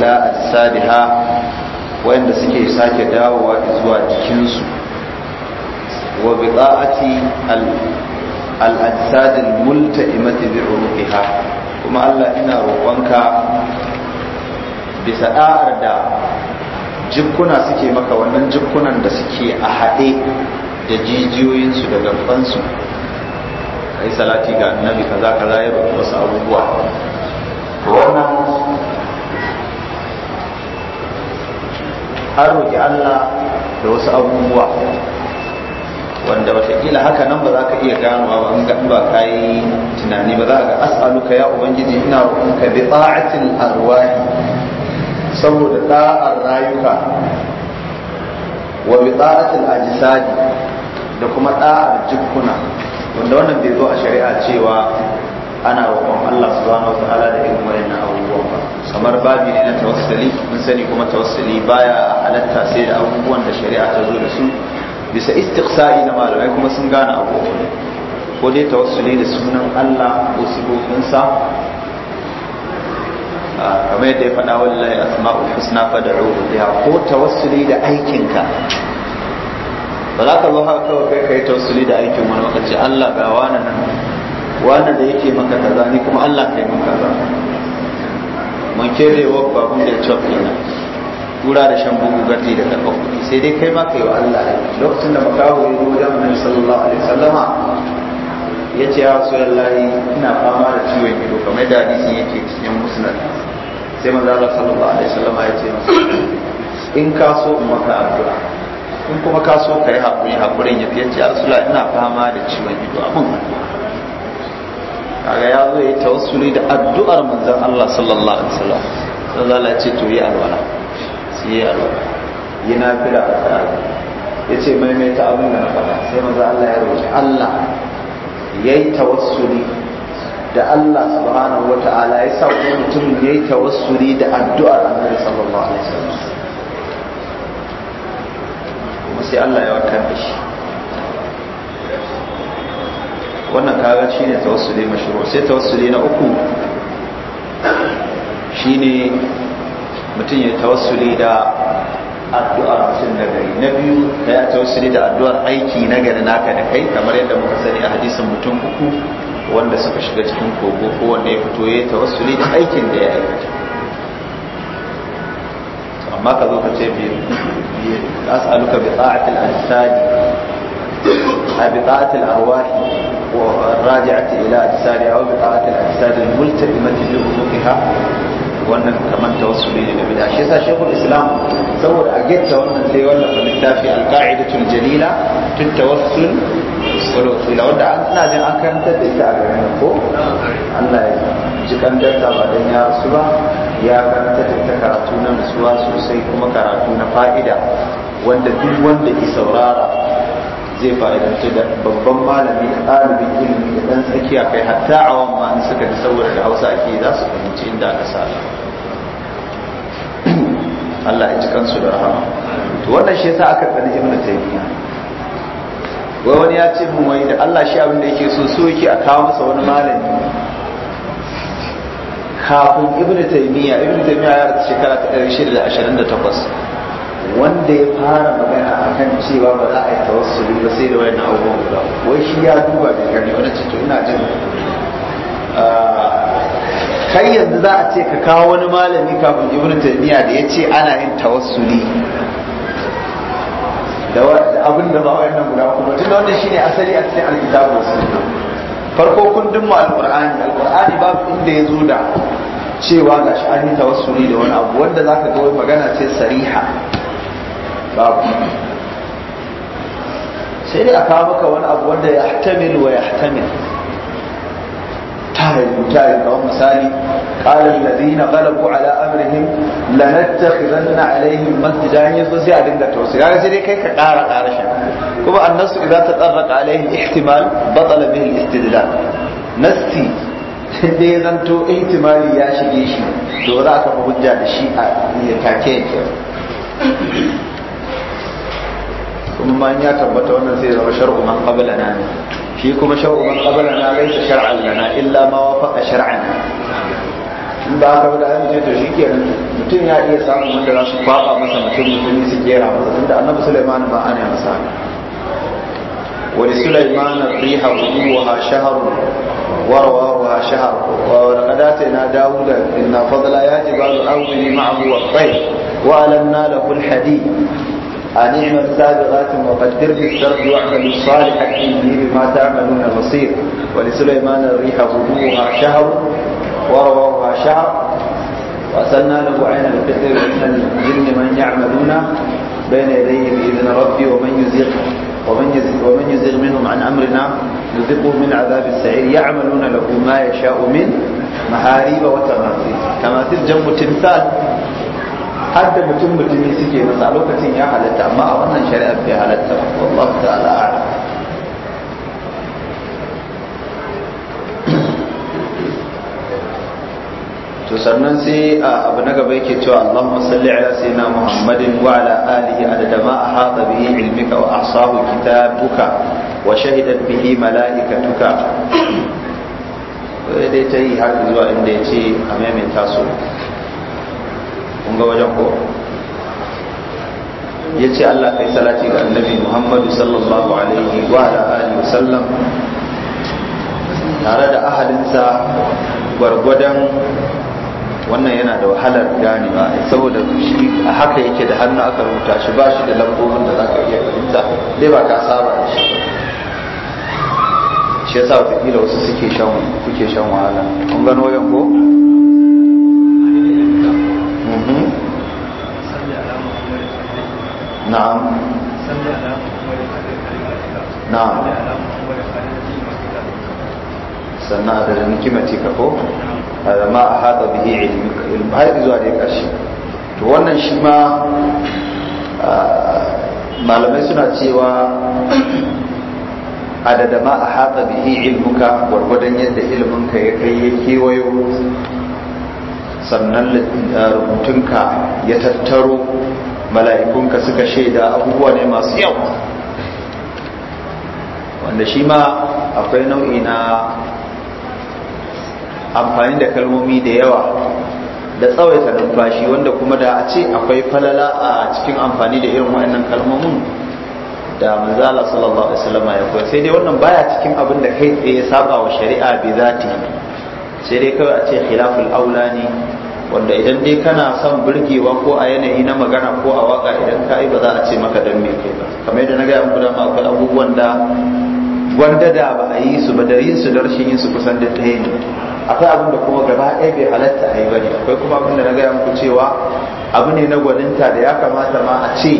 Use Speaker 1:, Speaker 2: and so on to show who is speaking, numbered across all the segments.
Speaker 1: ila asadiha wayanda suke sake dawowa zuwa jikinsu wa biqaati al al ajsad al multaimati bi uruqiha kuma Allah ina roƙonka bisa da'ar da jikuna suke maka wannan jikunan da suke a haɗe da jijiyoyinsu da gabansu kai salati ga annabi kaza kaza ya roƙi wasu abubuwa
Speaker 2: wannan
Speaker 1: har roƙi Allah da wasu abubuwa wanda watakila haka nan ba za ka iya ganowa ba in ba ka yi tunani ba za ka ga as'aluka ya ubangiji ina roƙonka bi ta'atil arwahi saboda da'ar rayuka wa bi ta'atil ajsadi da kuma da'ar jikkuna wanda wannan bai zo a shari'a cewa ana roƙon Allah subhanahu wa ta'ala da irin wannan abubuwa kamar babi ne na tawassali mun sani kuma tawassali baya halatta sai da abubuwan da shari'a ta zo da su bisa istiqsa'i na malamai kuma sun gane abu ko dai tawassuli da sunan Allah ko sa kamar yadda ya faɗa wallahi asma'ul husna ruhu biha ko tawassuli da aikinka ba za ka zo haka kawai kai kai tawassuli da aikin wani maka ce Allah ga wani nan wani da yake maka kaza ni kuma Allah kai maka kaza mun kere wa babun da chop ina kura da shan bugu gardi da kafa kuɗi sai dai kai ma kai wa Allah lokacin da makawo ya zo wajen annabi sallallahu alaihi wasallama ya ce ya rasu lallahi ina fama da ciwon ido kamar da hadisin yake cikin musnad sai manzo Allah sallallahu alaihi wasallama ya ce masa in ka so in maka addu'a in kuma ka so kai hakuri hakurin ya fiye ce a ina fama da ciwon ido abin addu'a kaga ya zo ya tawassuli da addu'ar manzon Allah sallallahu alaihi wasallam sai Allah ce to yi alwala sai yi alwala yana fira a tsari mai ta abin da na faɗa sai manzon Allah ya roki Allah yayi tawassuli da Allah subhanahu wata'ala ya sa wani mutum yayi tawassuli da addu'ar Annabi sallallahu alaihi wasallam kuma sai Allah ya warkar da shi wannan kaga ne tawassuli mashru sai tawassuli na uku shi ne mutum ya tawassuli da addu'ar mutum na gari na biyu da ya tawassuli da addu'ar aiki na gari naka da kai kamar yadda muka sani a hadisin mutum uku wanda suka shiga cikin kogo ko wanda ya fito ya tawassuli da aikin da ya aikata amma ka zo ka ce bi as'aluka bi ta'atil a bi ta'atil arwahi والراجعة إلى أجساد أو بقاءة الأجساد الملتزمة في حقوقها wannan kamar tawassuli ne da bid'a shi yasa islam saboda a getta wannan sai wallafa littafi alqa'idatul jalila tun tawassul wal wasila wanda an ina jin an karanta da ita a garin ko Allah ya ji kan datta ba dan ya rasu ba ya karanta da ita karatu na nutsuwa sosai kuma karatu na fa'ida wanda duk wanda ki saurara zai fa'idantu da babban malami da ɗalibin ilimi da ɗan tsakiya kai hatta a wamma ma'an suka ji saboda da hausa ake za su fahimci inda aka sa Allah ya ci kansu da rahama to wannan shi yasa aka tsani ibnu taymiya wai wani ya ce mun wai da Allah shi abin da yake so so yake a kawo masa wani malami kafin ibnu taymiya ibnu taymiya ya rasu shekara ta 628 wanda ya fara magana a kan cewa ba za a yi tawassuli ba sai da wayan abubuwan guda wai shi ya duba da gani wani ciki ina jin ah, kai yanzu za a ce ka kawo wani malami kafin ibnu taymiya da ya ce ana yin tawassuli da abin da ba wayan guda kuma tunda wannan shine asali a cikin alkitabu wa sunna farko kundin mu alqur'ani alqur'ani babu inda ya zo da cewa gashi an yi tawassuli da wani abu wanda zaka ga magana ce sariha babu sai dai a kawo maka wani abu wanda ya tamil wa ya tamil tayin mutayin kawai misali ƙalar lalina galabu ala amrihim lanattakhidan na alaihim masjidan yanzu sai a dinga tausi kaga sai dai kai ka ƙara ƙara shi kuma annasu idza tadarraqa alaihim ihtimal batala bihi al-istidlal nasti da ya zanto ihtimali ya shige shi to za ka fi hujja da shi a take yake kuma ma ya tabbata wannan sai zama shar'u man qablana ne shi kuma shar'u man qablana laysa shar'an lana illa ma wafaqa shar'ana in ba ka da an to shikenan mutum ya iya samun wanda za su kwaba masa mutum mutum su kera masa tunda annabi Sulaiman ba ana masa ولسليمان الريح غدوها شهر ورواها شهر ولقد اتينا داود منا فضلا يا جبال اوبني معه والطير والنا له الحديد أن اعمل سابغات وقدر في السرد واعملوا صالحا إني بما تعملون بصير ولسليمان الريح غدوها شهر ورواها شهر وأسألنا له عين القدر من الجن من يعملون بين يديه بإذن ربي ومن يزيغ ومن يزيغ, ومن يزيغ منهم عن أمرنا نذقه من عذاب السعير يعملون له ما يشاء من محاريب وتماثيل تماثيل جنب تمثال har da mutum mutumi suke masa a lokacin ya halatta amma a wannan shari'ar bai halatta ba wallahu ta'ala to sannan sai abu na gaba yake cewa Allahumma salli ala sayyidina Muhammadin wa ala alihi adada ma ahata bihi ilmika wa ahsahu kitabuka wa shahidat bihi malaikatuka dai ta yi har zuwa inda ya ce a maimaita su kun ga wajen ko ya ce Allah kai salati ga annabi Muhammadu sallallahu alaihi wa alihi wa sallam tare da ahalinsa gwargwadon wannan yana da wahalar ganewa saboda shi a haka yake da hannu aka rubuta shi ba shi da lambobin da za ka iya fahimta dai ba ka saba da shi shi yasa wataƙila wasu suke shan kuke shan wahala kun gano yanko
Speaker 2: na'am na'am sannan
Speaker 1: ko a ma a haɗa har to wannan malamai suna cewa adada ma a haɗa bihi ilmuka gwargwadon yadda ilminka ya kai ya kewayo sannan rubutunka ya tattaro mala'ikunka suka shaida abubuwa ne masu yau wanda shi ma akwai nau'i na amfani da kalmomi da yawa da tsawaita numfashi wanda kuma da a ce akwai falala a cikin amfani da irin waannan kalmomin da manzala sallallahu alaihi wasallam ya koya sai dai wannan baya cikin abin da kai tsaye saba wa shari'a bi zati sai dai kawai a ce khilaful aula ne wanda idan dai kana son birgewa ko a yanayi na magana ko a waka idan ka yi ba za a ce maka dan me kai ba kamar yadda na gaya muku dama akwai abubuwan da gwanda da ba a yi su ba da yin su da rashin yin su kusan da ta yi akwai abin da kuma gaba ɗaya bai halatta a yi ba ne akwai kuma abin da na gaya muku cewa abu ne na gwaninta da ya kamata ma a ce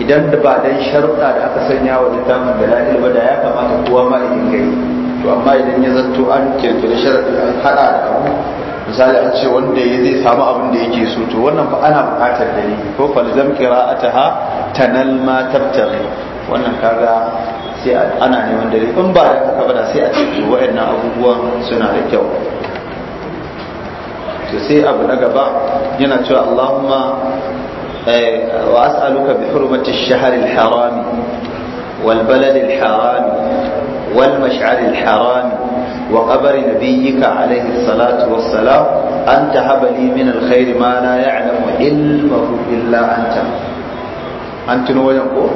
Speaker 1: idan da ba dan sharuɗa da aka sanya wa littafin da la'il ba da ya kamata kowa ma ya dinga yi to amma idan ya zato an kirkiri sharaɗi an haɗa da abu misali an ce wanda ya zai samu abin da yake so to wannan ba ana buƙatar dalili ko falzam qira'ataha tanal ma tabtaghi wannan kaga sai ana neman dare in ba da haka ba sai a ce to abubuwan suna da kyau to sai abu na gaba yana cewa Allahumma eh, wa as'aluka bi hurmati ash-shahr al-haram wal balad al-haram wal mash'ar al-haram wa وقبر نبيك عليه الصلاة والسلام أن تهب لي من الخير ما لا يعلم علمه إلا أنت أنت نوينكو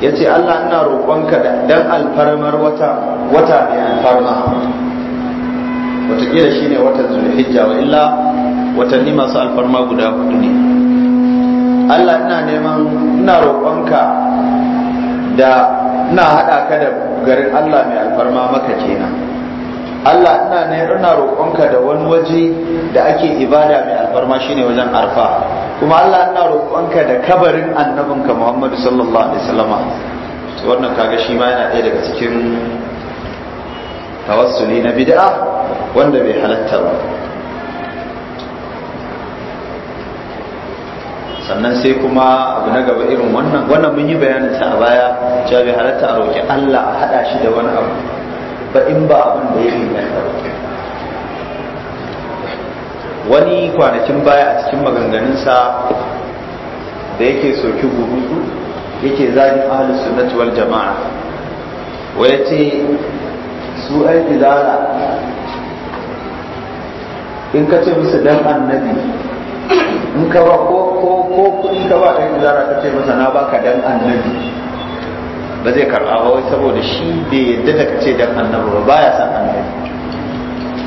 Speaker 1: yace Allah ina roƙonka da dan alfarmar wata wata mai alfarma wataƙila shine watan zulhijja wa illa watanni masu alfarma guda hudu ne Allah ina neman ina roƙonka da ina haɗa ka da garin Allah mai alfarma maka kenan Allah ina ne ina roƙonka da wani waje da ake ibada mai alfarma shine wajen arfa kuma Allah ina roƙonka da kabarin annabinka Muhammadu sallallahu alaihi wasallama to wannan kaga shi ma yana ɗaya daga cikin tawassuli na bid'a wanda bai halatta ba sannan sai kuma abu na gaba irin wannan wannan mun yi bayanin sa a baya cewa bai halatta a roƙi Allah a haɗa shi da wani abu ba in ba abin da ya ne wani kwanakin baya a cikin maganganunsa da yake soki guruzu yake zagin ahalin sunnati wal jama'a waya ce su ai bidara in ka ce musu dan annabi in ka ba ko ko ko in ka ba ɗan bidara ka ce masa na baka dan annabi ba zai karɓa ba wai saboda shi bai yadda da ce dan annabi ba baya san annabi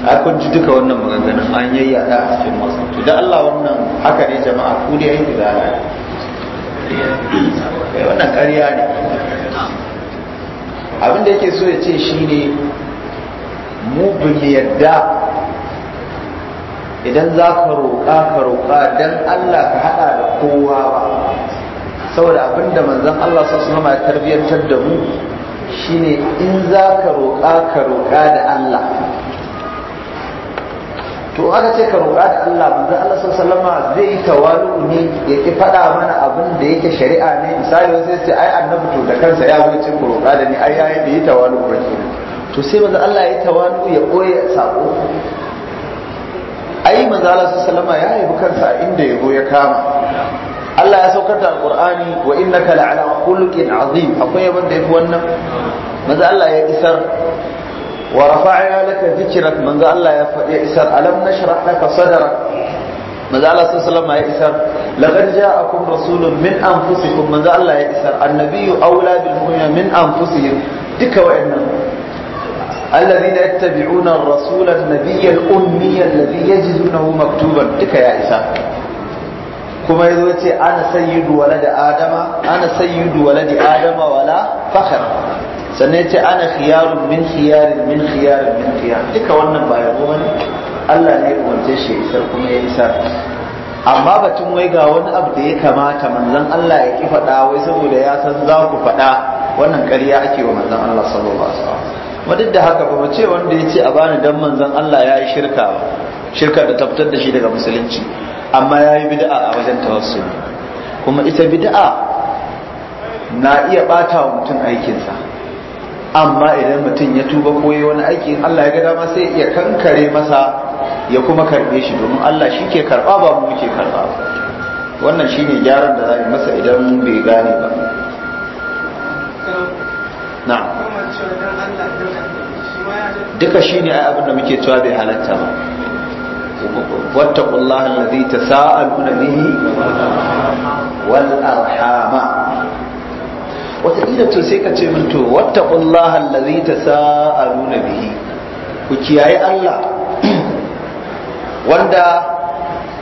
Speaker 1: a kun ji duka wannan maganganun an yayyada a cikin masu da Allah wannan haka ne jama'a ku dai aiki da Allah eh, kai wannan ƙarya ne abin da yake so ya ce shine mu bin yadda idan za ka roƙa ka roƙa dan Allah ka haɗa da kowa ba saboda abinda manzan Allah sun suna ya tarbiyyantar da mu shine in za ka roƙa ka roƙa da Allah to aka ce ka roƙa da Allah manzan Allah sallallahu alaihi zai yi tawalu ne ya ki faɗa mana abin da yake shari'a ne misali sai ce ai annabi to da kansa ya wuce ku roƙa da ni ai yayi da yi tawalu ba to sai manzan Allah ya yi tawalu ya koya sako ai manzan Allah sallallahu alaihi ya haifi kansa inda yabo ya kama Allah ya saukar da qur'ani wa innaka la'ala khuluqin azim akwai yaban da yafi wannan manzo Allah ya isar wa rafa'na laka dhikrak manzo Allah ya faɗi isar alam nashrah laka sadrak manzo Allah sallallahu alaihi ya isar laqad ja'akum rasulun min anfusikum manzo Allah ya isar annabiyyu aula bil mu'minin min anfusihim duka wa'annan الذين يتبعون الرسول النبي الأمي الذي يجدونه مكتوبا تك يا إسحاق kuma yazo ce ana sayyidu walad adama ana sayyidu walad adama wala fakhr sannan yace ana khiyaru min khiyarin min khiyarin min khiyar duka wannan ba yabo bane Allah ne ya umarce shi isar kuma ya isa. amma batun wai ga wani abu da ya kamata manzon Allah ya ki faɗa wai saboda ya san za ku faɗa wannan ƙarya ake wa manzon Allah sallallahu alaihi wasallam duk da haka ba ce wanda ya ce a bani dan manzon Allah ya yi shirka shirka da tabbatar da shi daga musulunci amma ya yi bida'a a wajen tawassuli kuma ita bida'a na iya bata wa mutum aikinsa amma idan mutum ya tuba ko wani aiki in Allah ya ga dama sai ya kankare masa ya kuma karbe shi domin Allah shi ke karba ba mu ke karba wannan shi ne gyaran da za yi masa idan bai gane ba na
Speaker 2: duka shi ai abin muke cewa bai
Speaker 1: halatta ba واتقوا الله الذي تساءلون به والأرحام وتقيل تسيك تمنتو واتقوا الله الذي تساءلون به وكياي الله wanda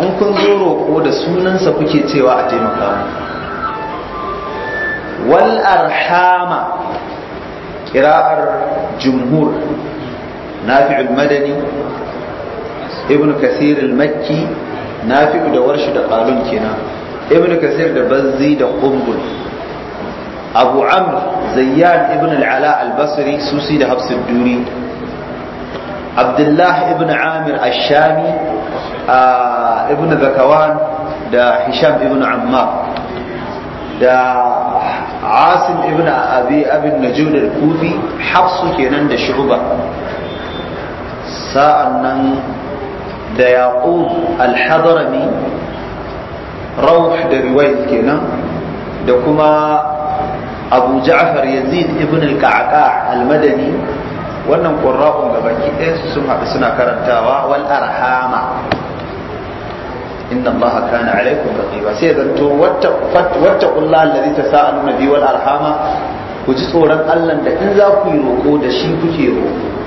Speaker 1: in kun zo roƙo da sunansa kuke cewa a taimaka mu wal arhama kira'ar jumhur nafi'ul madani ibn kasir al-makki nafi'u da warshi da qalun kenan ibn kasir da bazzi da qumbul abu amr zayyan ibn al-ala al-basri susi da hafs duri abdullah ibn amir ash-shami ibn zakawan da hisham ibn ammar da عاصم ابن أبي أبي النجود الكوفي حفص كنان دا شعبة ساء da yaqub al-hadrami da riwayat kenan da kuma abu ja'far yazid ibn al-ka'ka al-madani wannan qurra'un gabaki ɗaya su sun haɗu suna karantawa wal arhama inna allaha kana alaikum raqiba sai wata wattaqullaha allazi tasaaluna bi wal arhama ku ji tsoron Allah da in za ku yi roƙo da shi kuke roƙo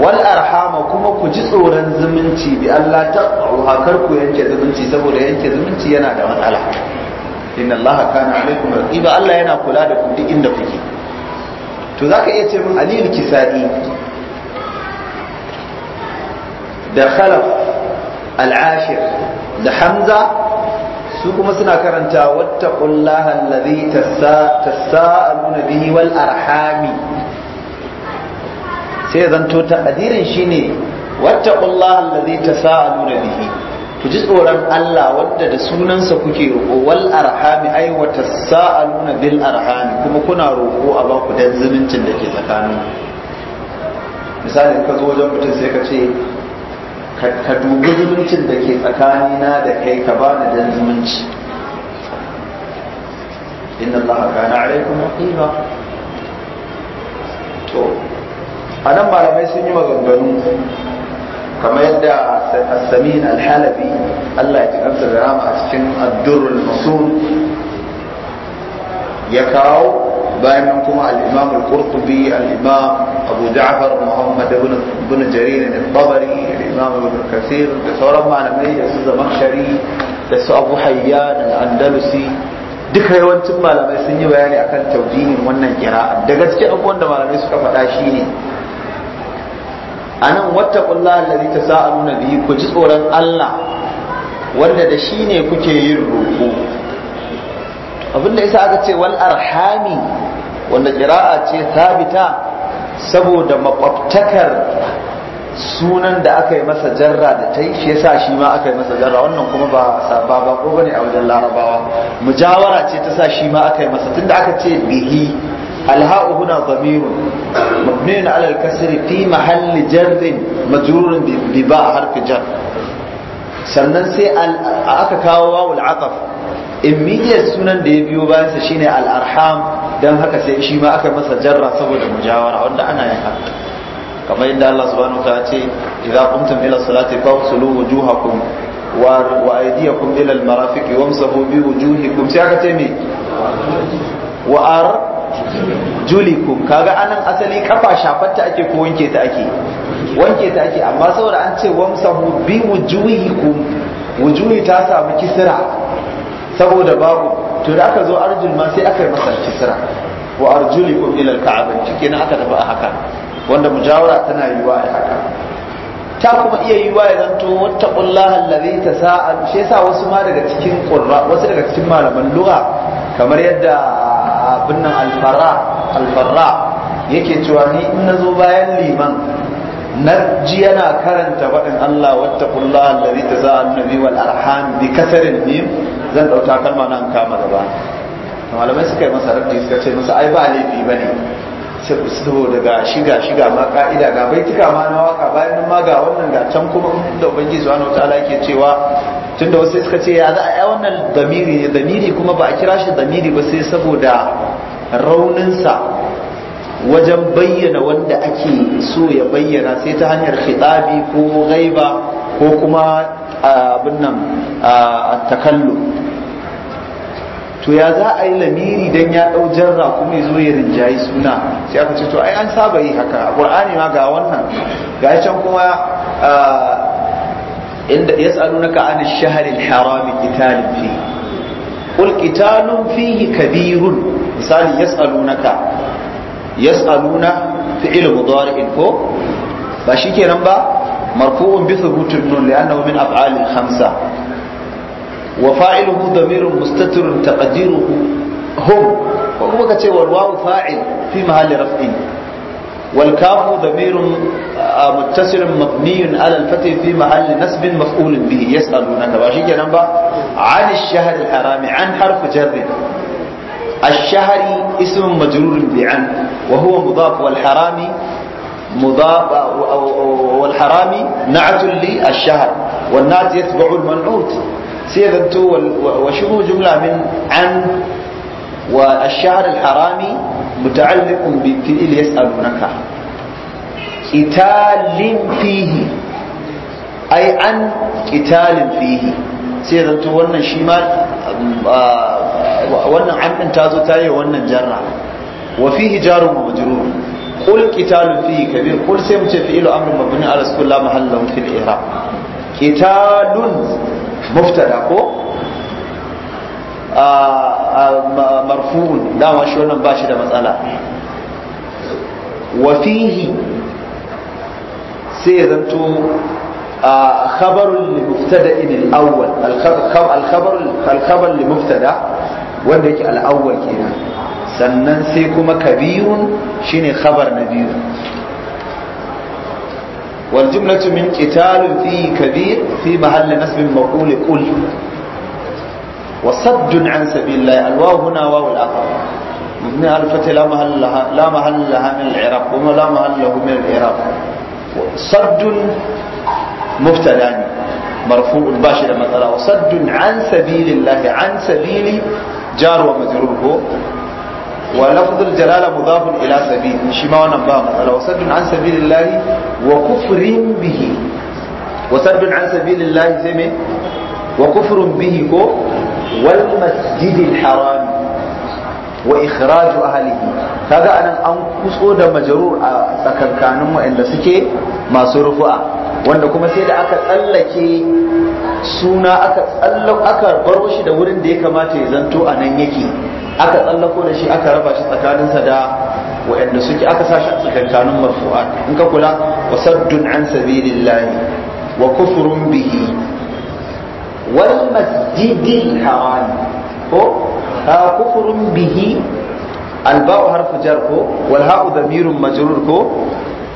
Speaker 1: wal arhama kuma ku ji tsoron zumunci bi Allah ta hakar ku yanke zumunci saboda yanke zumunci yana da matsala inna Allah kana alaikum raqiba Allah yana kula da ku duk inda kuke to ka iya ce min aliyu kisai da khalaf al-ashir da hamza su kuma suna karanta wattaqullaha allazi tasa'aluna bihi wal arhami sai zanto taqdirin shine wattaqullaha allazi tasaaluna bihi ku ji tsoron Allah wanda da sunansa kuke roƙo wal arhami ay wa tasaaluna bil arhami kuma kuna roƙo a ba ku dan zumuncin da ke tsakanin misali ka zo wajen mutum sai ka ce ka dubi zumuncin da ke tsakanina da kai ka bani dan zumunci inna kana alaikum to Anan malamai sun yi maganganu kamar yadda al-samin al-halabi Allah ya ji kansa da rama a cikin addurul masul ya kawo bayan nan kuma al-imam al-qurtubi al-imam abu ja'far muhammad ibn jarir al-tabari al-imam ibn kasir da sauran malamai da su shari da su abu hayyan al-andalusi duka yawancin malamai sun yi bayani akan tawjihin wannan kira'a daga cikin abubuwan da malamai suka faɗa shine wata anan wattaqullaha allazi nuna bihi ku ji tsoron Allah wanda da shi ne kuke yin roƙo abinda Isa aka ce wal arhami wanda ƙira'a ce bita saboda makwabtakar sunan da aka yi masa jarra da ta yi shi yasa shi ma aka yi masa jarra wannan kuma ba saba ba ko bane a wajen larabawa mujawara ce ta sa shi ma aka yi masa tunda aka ce bihi الهاء هنا ضمير مبني على الكسر في محل جر مجرور بباء حرف جر sannan sai aka kawo wawul ataf immediate sunan da ya biyo bayansa shine al-arham dan haka sai shi ma aka masa jarra saboda mujawara wanda ana yin haka kamar yadda Allah subhanahu wa ta'ala ce idza qumtum ila salati fawsulu wujuhakum wa aydiyakum ila al-marafiq wamsahu bi wujuhikum sai aka ce me wa kun kaga anan asali kafa shafarta ake ko wanke ta ake wanke ta ake amma saboda an ce wamsahu bi kun wujuhi ta samu kisira. saboda babu to da aka zo arjul ma sai aka yi masa kisra wa arjulikum ila al kenan aka tafi a haka wanda mujawara tana yiwa a haka ta kuma iya yiwa ya zanto wattaqullaha allazi sa'a shi yasa wasu ma daga cikin qurra wasu daga cikin malaman lugha kamar yadda abin nan alfara yake cewa ni in zo bayan liman na ji yana karanta faɗin Allah wata wattaqullaha allazi sa'a nabi wal arham bi kasarin mim zan dauta kalma nan kama gaba malamai suka yi masa rabbi suka ce masa ai ba laifi bane saboda ga shiga shiga ma ka'ida ga tuka ma na waka bayan ma ga wannan ga can kuma da ubangiji subhanahu wataala yake cewa tunda wasu suka ce ya za a yi wannan damiri ne damiri kuma ba a kira shi damiri ba sai saboda rauninsa wajen bayyana wanda ake so ya bayyana sai ta hanyar khitabi ko gaiba ko kuma ah, abin nan ah, takallu to ya za a yi lamiri dan ya dau jarra kuma zo ya rinjayi suna sai aka ce to ai an saba yi haka A ƙur'ani ma ga wannan ga can kuma inda yas'alunaka an ash-shahr al-haram qital fi qul qitalun fihi kabirun misali yas'alunaka yas'aluna fi'il mudari'in ko ba kenan ba marfu'un bi thubutin nun li'annahu min af'al khamsa وفاعله ضمير مستتر تقديره هم وكما كتي والواو فاعل في محل رفع والكاف ضمير آه، متصل مبني على الفتح في محل نسب مفعول به يسألونك باشي كلام عن الشهر الحرام عن حرف جر الشهر اسم مجرور بعن وهو مضاف والحرام مضاف والحرام نعت للشهر والنعت يتبع المنعوت سيذنتو وشبه جملة من عن والشعر الحرامي متعلق بفئل يسألونك قتال فيه أي عن قتال فيه سيذنتو وانا شيما آه، وانا عن انتازو تاي وانا جرع وفيه جار ومجرور قل قتال فيه كبير قل سيمت فئل أمر مبني على سكول لا محل لهم في الإيراب قتال muftada ko marfu'un dama shi wannan ba shi da matsala wafihi fihi sai ya zanto خبر لمبتدا الاول الخبر الخبر لمبتدا wanda yake al'awwal kenan sannan sai kuma kabirun shine khabar na biyu والجملة من قتال في كبير في محل نسب المقول قل وصد عن سبيل الله الواو هنا واو الأخر مبني ألفة لا محل لها لا محل لها من العراق وما لا محل له من العراق صد مبتدا مرفوع باشر مثلا وصد عن سبيل الله عن سبيل جار ومجرور wa lafzul jalala mudafun ila sabil shi ma wannan ba matsala wa saddun an sabilillahi wa kufrin bihi wa saddun an sabilillahi sai me wa kufrun bihi ko wal masjidil haram wa ikhraju ahlihi kaga anan an kuso da majarur a tsakankanin inda suke masu rufu'a wanda kuma sai da aka tsallake suna aka aka baro shi da wurin da ya kamata ya zanto a nan yake aka tsallako da shi aka raba shi tsakaninsa da waanda suke aka sa shi a tsakankanin marfu'at in ka kula wa saddun an sabilillahi wa kufurun bihi wal
Speaker 2: masjidil haram
Speaker 1: ko ha kufurun bihi alba'u harfu jar ko wal ha'u damirun majrur ko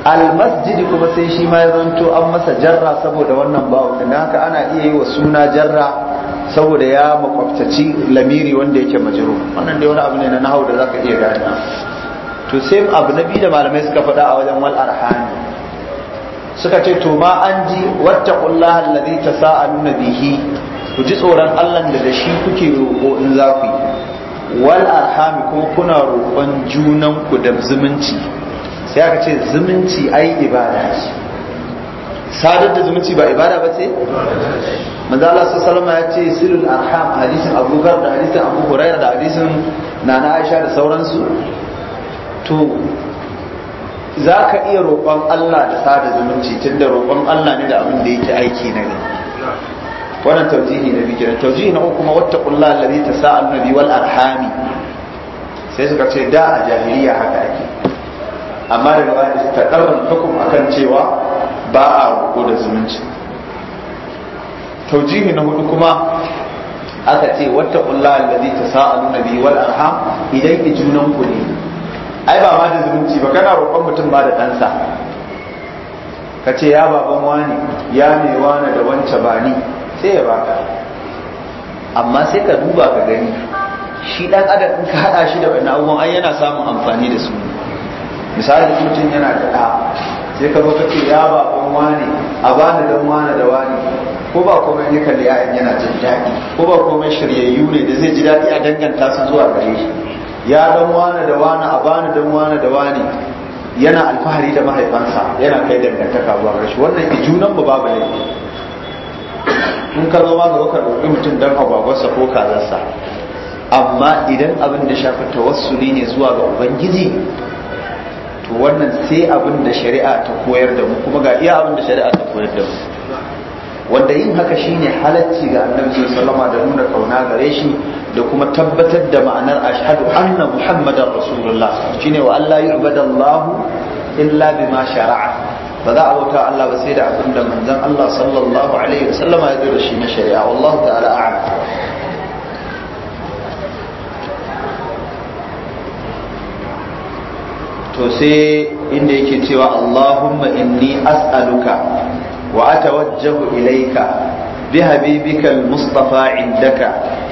Speaker 1: al masjid kuma sai shi ma ya zanto an masa jarra saboda wannan ba'u dan haka ana iya yi wa suna jarra saboda ya makwabtaci lamiri wanda yake majiro wannan dai wani abu ne na nahau da ka iya gani to sai abu na biyu da malamai suka faɗa a wajen wal arhani suka ce to ma an ji wata wattaqullaha allazi tasaaluna bihi ku ji tsoron Allah da da shi kuke roƙo in za ku wal arhami ko kuna roƙon junan ku da zumunci sai aka ce zumunci ai ibada ce. sadar da zumunci ba ibada ba ce sallallahu alaihi salama ya ce silul arham hadisin Bakar da hadisin abu Hurairah da hadisin nana aisha da sauransu to za ka iya roƙon allah da sada zumunci tun da roƙon allah ne da abin da yake aiki na ne wannan tawjihi na bikin tawjihi na kuma wata ƙulla lalari ta wal arhami sai suka ce da a jahiliya haka ake amma daga baya ta ƙarfafa hukum akan cewa ba a roƙo da zumunci taujihi na hudu kuma aka ce wata ƙulla allazi ta sa'alu na biyu wal arham idan ki junan ku ne ai ba ma da zumunci ba kana roƙon mutum ba da ɗansa ka ce ya baban wani ya mai wani da wance ba ni sai ya baka amma sai ka duba ka gani shi ɗan adam in ka haɗa shi da wani abubuwan ai yana samun amfani da su misali mutum yana da sai ka zo ya baban wani a bani dan wani da wani ko ba komai ya kalli ya'yan yana jin daɗi ko ba komai shiryayyu ne da zai ji daɗi a danganta su zuwa gare shi ya dan wani da wani a bani dan wani da wani yana alfahari da mahaifansa yana kai dangantaka zuwa gare shi wannan ijunan mu babu laifi in ka zo ma ga ka ɗauki mutum dan agwagwarsa ko kazarsa amma idan abin da shafi tawassuli ne zuwa ga ubangiji to wannan sai abin da shari'a ta koyar da mu kuma ga iya abin da shari'a ta koyar da mu wanda yin haka shine halarci ga annabi sallama da nuna kauna gare shi da kuma tabbatar da ma'anar ashadu anna muhammadar rasulullah shine wa Allah yu'badallahu illa bima shari'a ba za a bauta Allah ba sai da abin da manzon Allah sallallahu alaihi wasallama ya da shi na shari'a Allah ta'ala
Speaker 2: ala'a.
Speaker 1: to sai inda yake cewa Allahumma inni as'aluka وأتوجه إليك بحبيبك المصطفى عندك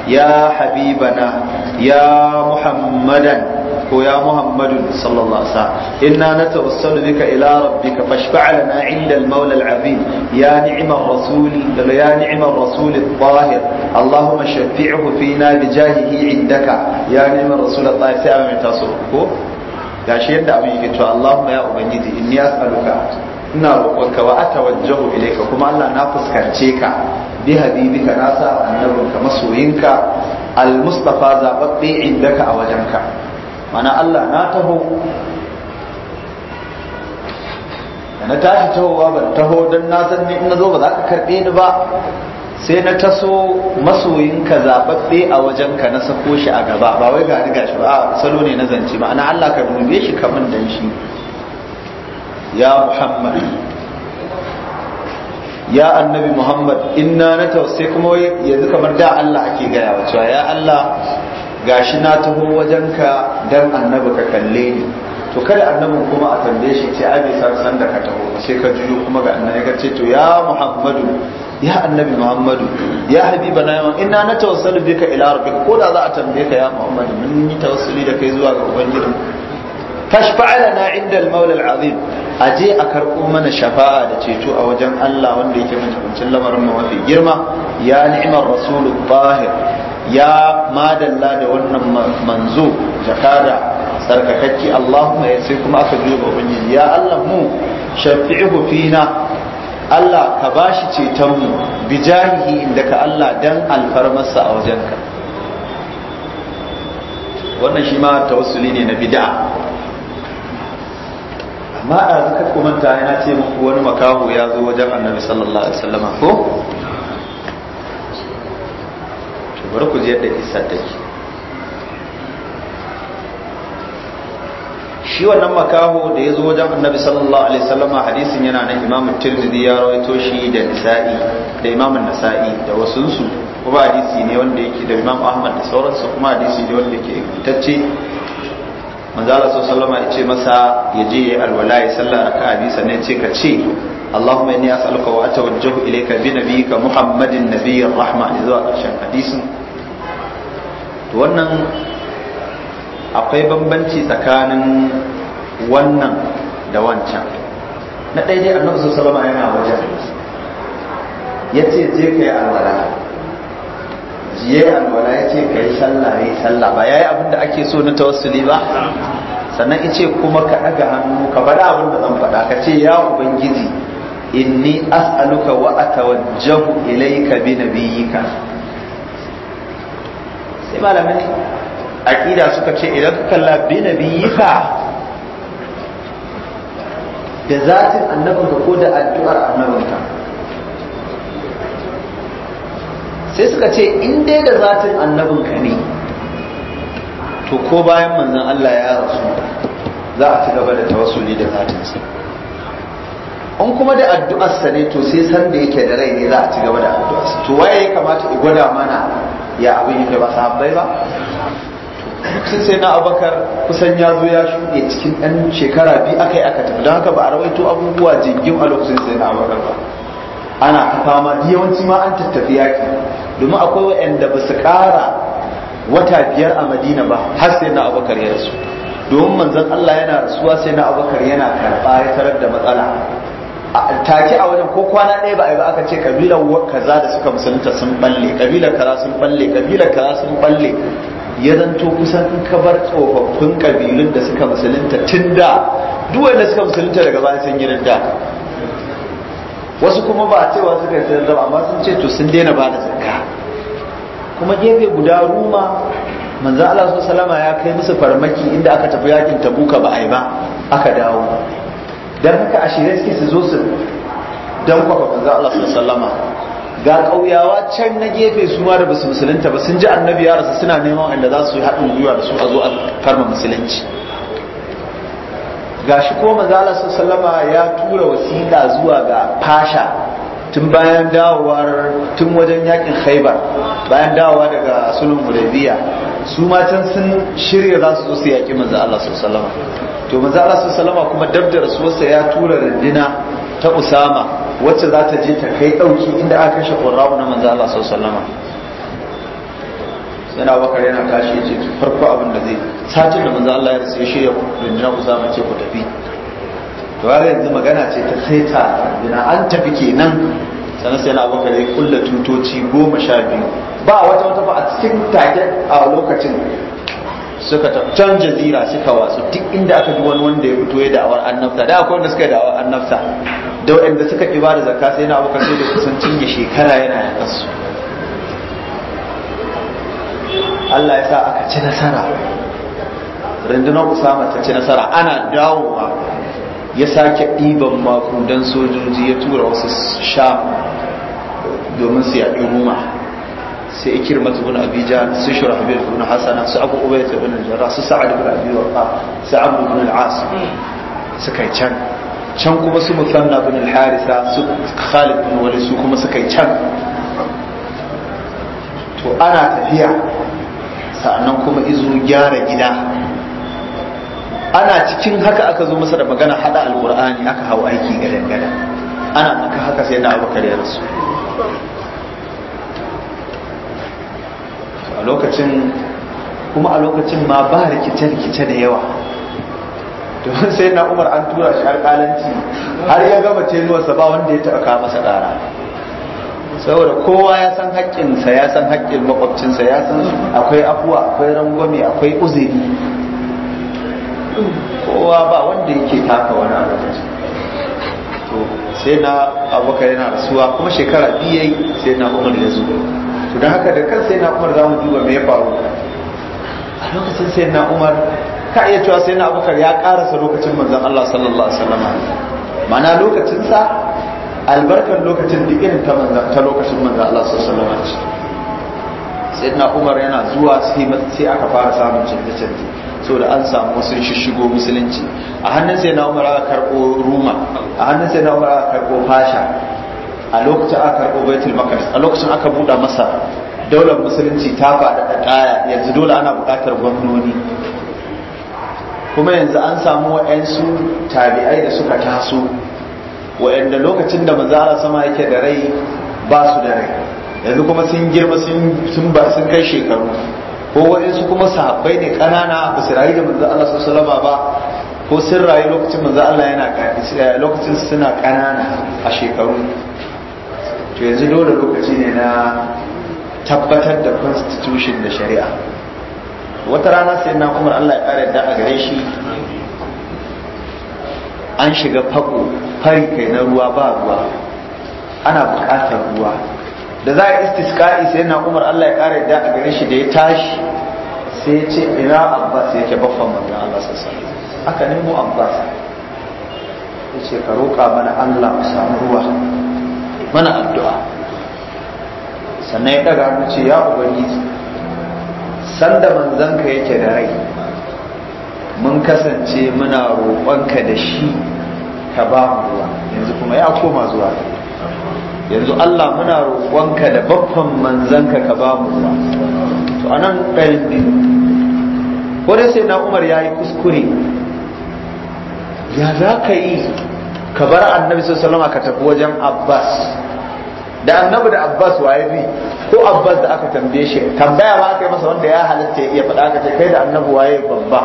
Speaker 1: يا حبيبنا يا محمدا ويا محمد صلى الله عليه وسلم إنا نتوسل بك إلى ربك فاشفع لنا عند المولى العظيم يا نعم الرسول يا نعم الرسول الطاهر اللهم شفعه فينا بجاهه عندك يا نعم الرسول الطاهر سأمن تاسو gashi yadda abin yake cewa Allahumma ya ubangiji inni as'aluka ina roƙonka wa atawajjahu ilayka kuma Allah na fuskance ka bi habibika na sa annabinka masoyinka al-mustafa zababbe indaka a wajenka mana Allah na taho na tashi tahowa ban taho don na san ni in zo ba za ka karɓe ni ba sai na taso masoyinka zababbe a wajenka na sako shi a gaba ba wai gani gashi ba a salo ne na zance ma'ana Allah ka dube shi kamar dan shi ya muhammad ya annabi muhammad inna na tausayi kuma yanzu kamar da allah ake gaya wa cewa ya allah gashi na taho wajen ka dan annabi ka kalle ni to kada annabin kuma a tambaye shi ce ai bai san da ka taho sai ka juyo kuma ga annabi ka ce to ya muhammadu ya annabi muhammadu ya habibana ya inna na tawassalu bika ila rabbika ko da za a tambaye ka ya muhammadu mun yi tawassuli da kai zuwa ga ubangiji fashfa'a lana inda al-maula al-azim aje a karɓo mana shafa'a da ceto a wajen Allah wanda yake majibincin lamarin mu mafi girma ya ni'imar rasulu bahir ya madalla da wannan manzo jakada sarkakakki Allahumma ya sai kuma aka duba ubangiji ya Allah mu shafi'ihu fina Allah ka bashi ceton mu bijahihi inda ka Allah dan alfarmarsa a wajenka wannan shi ma tawassuli ne na bid'a ma a zuka kumanta yana ce muku wani makaho ya zo wajen annabi sallallahu alaihi wasallam ko to bari ku je da isa take shi wannan makaho da ya zo wajen annabi sallallahu alaihi wasallam hadisin yana nan imamu tirmidhi ya rawaito shi da nisa'i da imamu nasa'i da wasunsu kuma hadisi ne wanda yake da imam ahmad da sauransu kuma hadisi ne wanda yake ingantacce manzo Allah sallallahu alaihi ce masa ya je alwala ya sallah raka'a bi sannan ce ka ce اللهم إني أسألك وأتوجه إليك بنبيك محمد النبي الرحمة إذا أشان حديث wannan akwai bambanci tsakanin wannan da wancan na ɗaya dai annabi sallallahu alaihi wasallam yana wajen yace je kai alwala jiye alwala ya ce ka yi sallah ya yi sallah ba ya yi abin da ake so na tawassuli ba sannan ya ce kuma ka ɗaga hannu ka bada abin da zan faɗa ka ce ya ubangiji inni as'aluka wa atawajjahu ilayka bi nabiyyika sai malamin aqida suka ce idan ka kalla bi nabiyyika da zatin annabinka ko da addu'ar annabinka sai suka ce in dai da zatin annabin ka ne to ko bayan manzon Allah ya rasu za a ci gaba da tawassuli da sa. in kuma da addu'arsa ne to sai san da yake da rai ne za a ci gaba da addu'arsa to waye ya kamata ya gwada mana ya abin yake ba sahabbai ba sun sai na abakar kusan ya zo ya shuɗe cikin ɗan shekara biyu aka yi aka tafi don haka ba a rawaito abubuwa jingin a lokacin sai na abakar ba ana ta fama yawanci ma an tattafi yaki domin akwai waɗanda ba su ƙara wata biyar a madina ba har sai na abubakar ya rasu domin manzon Allah yana rasuwa sai na abubakar yana karɓa ya tarar da matsala take a wajen ko kwana ɗaya ba a yi ba aka ce kabilar kaza da suka musulunta sun balle kabilar kaza sun balle kabilar kaza sun balle ya zanto kusan in ka bar tsofaffin kabilun da suka musulunta tun da duk wanda suka musulunta daga bayan sun yi da wasu kuma ba a cewa suka yi da amma sun ce to sun daina ba da zakka kuma gefe guda ruma manzo Allah salama ya kai musu farmaki inda aka tafi yakin tabuka ba ai ba aka dawo dan haka a shirye suke su zo su dan kwafa manzo Allah salama. ga ƙauyawa can na gefe su ma da musulunta ba sun ji annabi ya rasu suna neman inda za su yi haɗin gwiwa da su a zo a farma musulunci gashi ko manzo sallama ya tura wasiƙa zuwa ga fasha tun bayan dawowar tun wajen yakin haibar bayan dawowa daga sunan hudaybiya su matan sun shirya za su zo su yaƙi manzo Allah sallama to manzo Allah sallama kuma dab da ya tura rundina ta Usama wacce za ta je ta kai ɗauki inda aka kashe ƙurrabu na manzo Allah sallama yana bakar yana tashi ya ce farko abin da zai satin da manzo Allah ya rasu ya shirya rundunar Usama ce ku tafi to har yanzu magana ce ta ta rundunar an tafi kenan sannan sai yana abubakar ya kulla tutoci goma sha biyu ba wata wata ba a cikin take a lokacin suka can jazira suka wasu duk inda aka ji wani wanda ya fito ya da'awar annabta da akwai wanda suka yi da'awar annabta da waɗanda suka ibada ba zakka sai na abokan sai da kusan cinye shekara yana yakansu Allah ya sa aka ci nasara rundunar usama ta ci nasara ana dawowa ya sake ɗiban makudan sojoji ya tura wasu sha domin su yaƙi ruma sai ikir matubun abijan su shura habir ibn hasana su abu ubai ta ibn jarra su sa'ad ibn abi waqa su abu ibn al-as suka yi can can kuma su musanna ibn al-harisa su khalid ibn walid su kuma su yi can to ana tafiya sa'annan kuma izo gyara gida ana cikin haka aka zo masa da magana hada alkur'ani aka hau aiki ga dangana ana aka haka sai na abu kare rasu a lokacin kuma a lokacin ma ba rikice-rikice da yawa domin sai na umar an tura shi alƙalanci har ya gama tenuwarsa ba wanda ya taɓa kawo masa ƙara saboda kowa ya san haƙƙinsa ya san haƙƙin makwabcinsa ya san akwai afuwa akwai rangwame akwai uzuri kowa ba wanda yake taka wani a to sai na abokan yana rasuwa kuma shekara biye sai na umar ya zo to don haka da kan sai na umar za mu duba me ya faru a lokacin sai na umar ka iya cewa sai na abokan ya karasa lokacin manzon Allah sallallahu alaihi wasallam mana lokacinsa albarkar lokacin duk irin ta lokacin manza Allah sallallahu alaihi wasallam sayyidina Umar yana zuwa sai aka fara samun canje-canje saboda an samu wasu shishigo musulunci a hannun sai na Umar aka karbo Roma a hannun sai na Umar aka karbo Fasha a lokacin aka karbo Baitul Maqdis a lokacin aka buɗa masa daular musulunci ta da ƙaya yanzu dole ana buƙatar gwamnoni kuma yanzu an samu waɗansu tabi'ai da suka taso wa'anda lokacin da manzara sama yake da rai ba su da rai yanzu kuma sun girma sun ba sun kai shekaru ko waɗansu kuma sahabbai ne ƙanana ba su rayu da manzo Allah su salama ba ko sun rayu lokacin manzo Allah yana eh, lokacin suna ƙanana a shekaru to yanzu dole lokaci ne na tabbatar da constitution da shari'a wata rana sai na kuma Allah ya ƙara yadda a gare shi an shiga fako fari kai na ruwa ba ruwa ana buƙatar ruwa da za a istisqa'i sai na Umar Allah ya ƙara idan a gare shi da ya tashi sai ya ce ina Abbas ke baffan manzan Allah sallallahu alaihi aka nemo Abbas ya ce ka roƙa mana Allah mu samu ruwa mana addu'a sannan ya ɗaga mu ce ya ubangiji sanda manzanka yake da rai mun kasance muna roƙonka da shi ka ba mu ruwa yanzu kuma ya koma zuwa yanzu Allah muna roƙonka da babban manzanka ka ba mu ruwa to anan ɗayan biyu ko dai sai na Umar ya yi kuskure ya za ka yi ka bar annabi sallallahu alaihi ka tafi wajen Abbas da annabi da Abbas waye bi ko Abbas da aka tambaye shi tambaya ba aka yi masa wanda ya halatta ya faɗa ka ce kai da annabi waye babba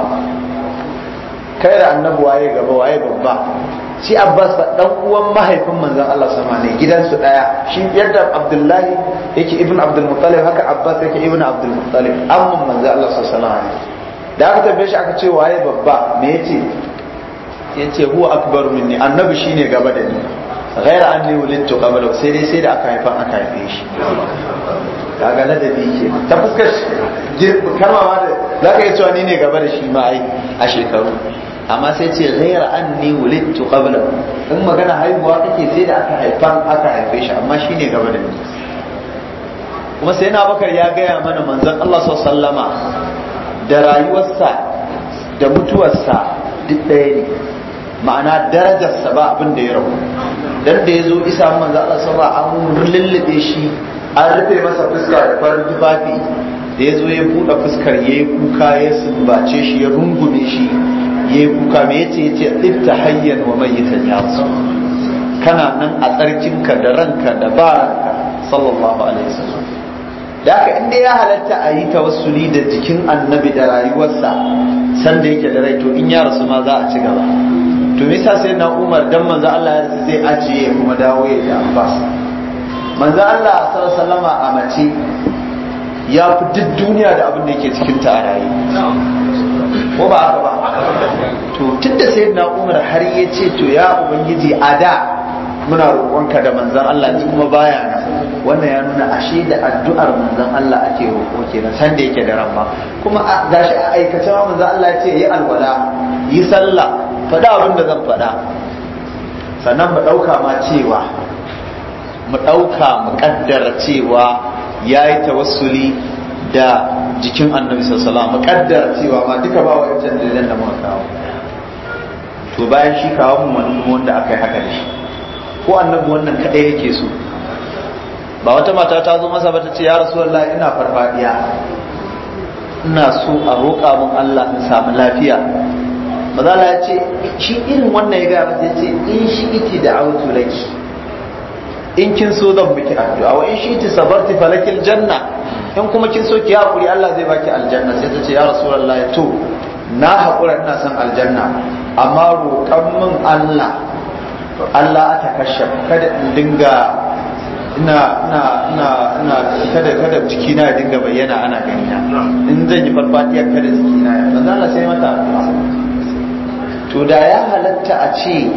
Speaker 1: kai da annabi waye gaba waye babba shi abbas dan uwan mahaifin manzon Allah sama ne gidansu daya shi yadda abdullahi yake ibn abdul muttalib haka abbas yake ibn abdul muttalib amma manzon Allah sallallahu alaihi da aka tambaye shi aka ce waye babba me yace yace huwa akbar minni annabi shine gaba da ni ghaira an ne wulittu qabla sai dai sai da aka haifa aka haife shi kaga ladabi ke ta fuskar karmawa da zaka yi cewa ne gaba da shi ma ai a shekaru amma sai ce ghaira an ne wulittu qabla in magana haihuwa kake sai da aka haifa aka haife shi amma shi ne gaba da ni kuma sai na bakar ya gaya mana manzon Allah sallama da rayuwarsa da mutuwarsa duk ɗaya ne ma'ana darajarsa ba abin da ya rabu dan da ya zo isa manzo Allah sallallahu alaihi wasallam an lullube shi an rufe masa fuska da farin tufafi da ya zo ya buɗe fuskar ya yi kuka ya sumbace shi ya rungume shi ya yi kuka me yace yace ibta hayyan wa mayyitan ya kana nan a tsarkinka da ranka da ba sallallahu alaihi wasallam da haka inda ya halatta a yi tawassuli da jikin annabi da rayuwarsa sanda yake da rai to in ya rasu ma za a ci gaba to me sai na Umar dan manzo Allah ya zai ajiye kuma dawo ya da Abbas manzo Allah sallallahu alaihi a mace ya fi duk duniya da abin da yake cikin ta a ko ba haka ba to tunda sai na Umar har ya ce to ya ubangiji a da muna roƙonka da manzon Allah ni kuma baya nan wannan ya nuna ashe da addu'ar manzon Allah ake roƙo kenan san da yake da ramma kuma gashi a aikace manzon Allah ya ce yi alwala yi sallah faɗa abin da zan faɗa sannan mu ɗauka ma cewa mu ɗauka mu ƙaddara cewa ya yi tawassuli da jikin annabi sassala mu ƙaddara cewa ma duka ba wancan dalilan da muka kawo to bayan shi kawo mu wanda aka yi haka da ko annabi wannan kaɗai yake so ba wata mata ta zo masa ba ta ce ya rasulullah ina farfadiya ina so a roƙa min Allah in samu lafiya mazala ya ce shi irin wannan ya gaya masa ya ce in shi iti da autu laki in kin so zan miki addu'a wa in shi iti sabarti falakil janna in kuma kin so ki haƙuri Allah zai baki aljanna sai ta ce ya rasulullahi to na haƙura ina son aljanna amma roƙan min Allah Allah aka kashe kada in dinga ina ina ina ina kada kada ciki ya dinga bayyana ana ganina in zan yi farfadiyar kada na ya manzo sai mata addu'a to da ya halatta a ce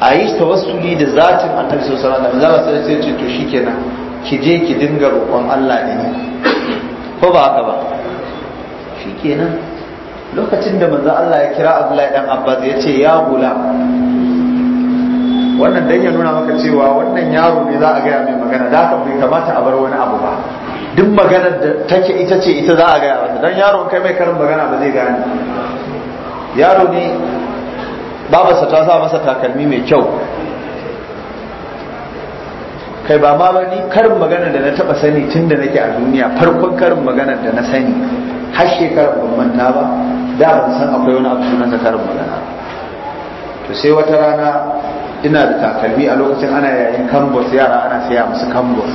Speaker 1: a yi tawassuli da zatin annabi sallallahu alaihi wasallam a sai ce to shikenan ki je ki dinga roƙon Allah da ni ko ba haka ba shikenan lokacin da manzo Allah ya kira Abdullahi dan Abbas ya ce ya gula wannan dan ya nuna maka cewa wannan yaro ne za a gaya mai magana da haka bai kamata a bar wani abu ba duk maganar da take ita ce ita za a gaya mata dan yaro kai mai karin magana ba zai gane yaro ne sa ta sa masa takalmi mai kyau kai ba ma ba ni karin magana da na taba sani tun da nake a duniya farkon karin magana da na sani har shekarar ban manta ba da ban san akwai wani abu sunansa karin magana to sai wata rana ina da takalmi a lokacin ana yayin kambos yara ana siya musu kambos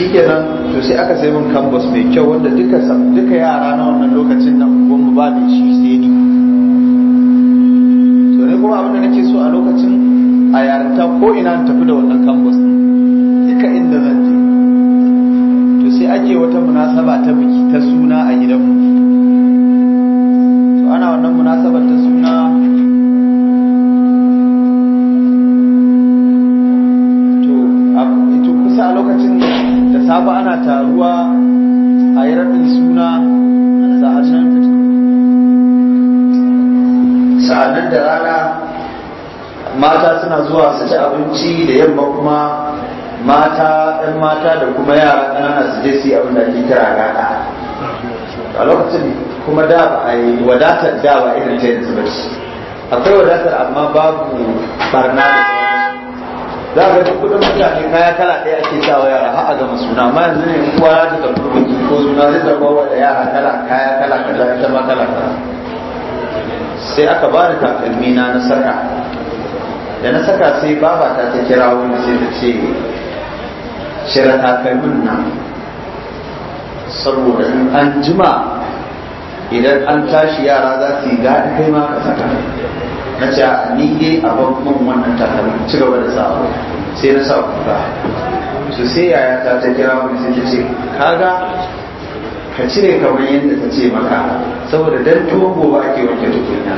Speaker 1: nan to sai aka sai min canvas mai kyau wanda duka duka yara na wannan lokacin nan gwamma ba da shi sai ni to ne kuma abin da nake so a lokacin a yarinta ko ina tafi da wannan canvas duka inda zan je to sai ake wata munasaba ta biki ta suna a gidanmu zuwa su ci abinci da yamma kuma mata ɗan mata da kuma yara ƙanana su je su yi abin da ake kira gaɗa a lokacin kuma da ba a yi wadatar da ba irin ta yanzu ba shi. akwai wadatar amma babu barna da za ga duk kudin mutane kaya kala ɗaya ake wa yara ha'a a gama suna Ma yanzu ne kowa za ta karɓi biki ko suna zai zama wa da yara kala kaya kala kaza ita ma kala kala sai aka ba da takalmi na na sarka da na saka sai baba ta ta kira wani sai ta ce kai min nan saboda in an jima idan an tashi yara za su yi gaɗi kai ma ka saka na ce ni ne a babban wannan takalmin ci gaba da sa'o sai na sa kuka su sai yaya ta ta kira wani sai ta ce kaga ka cire kamar yadda ta ce maka saboda dan tuwo gobe ake wanke tukunya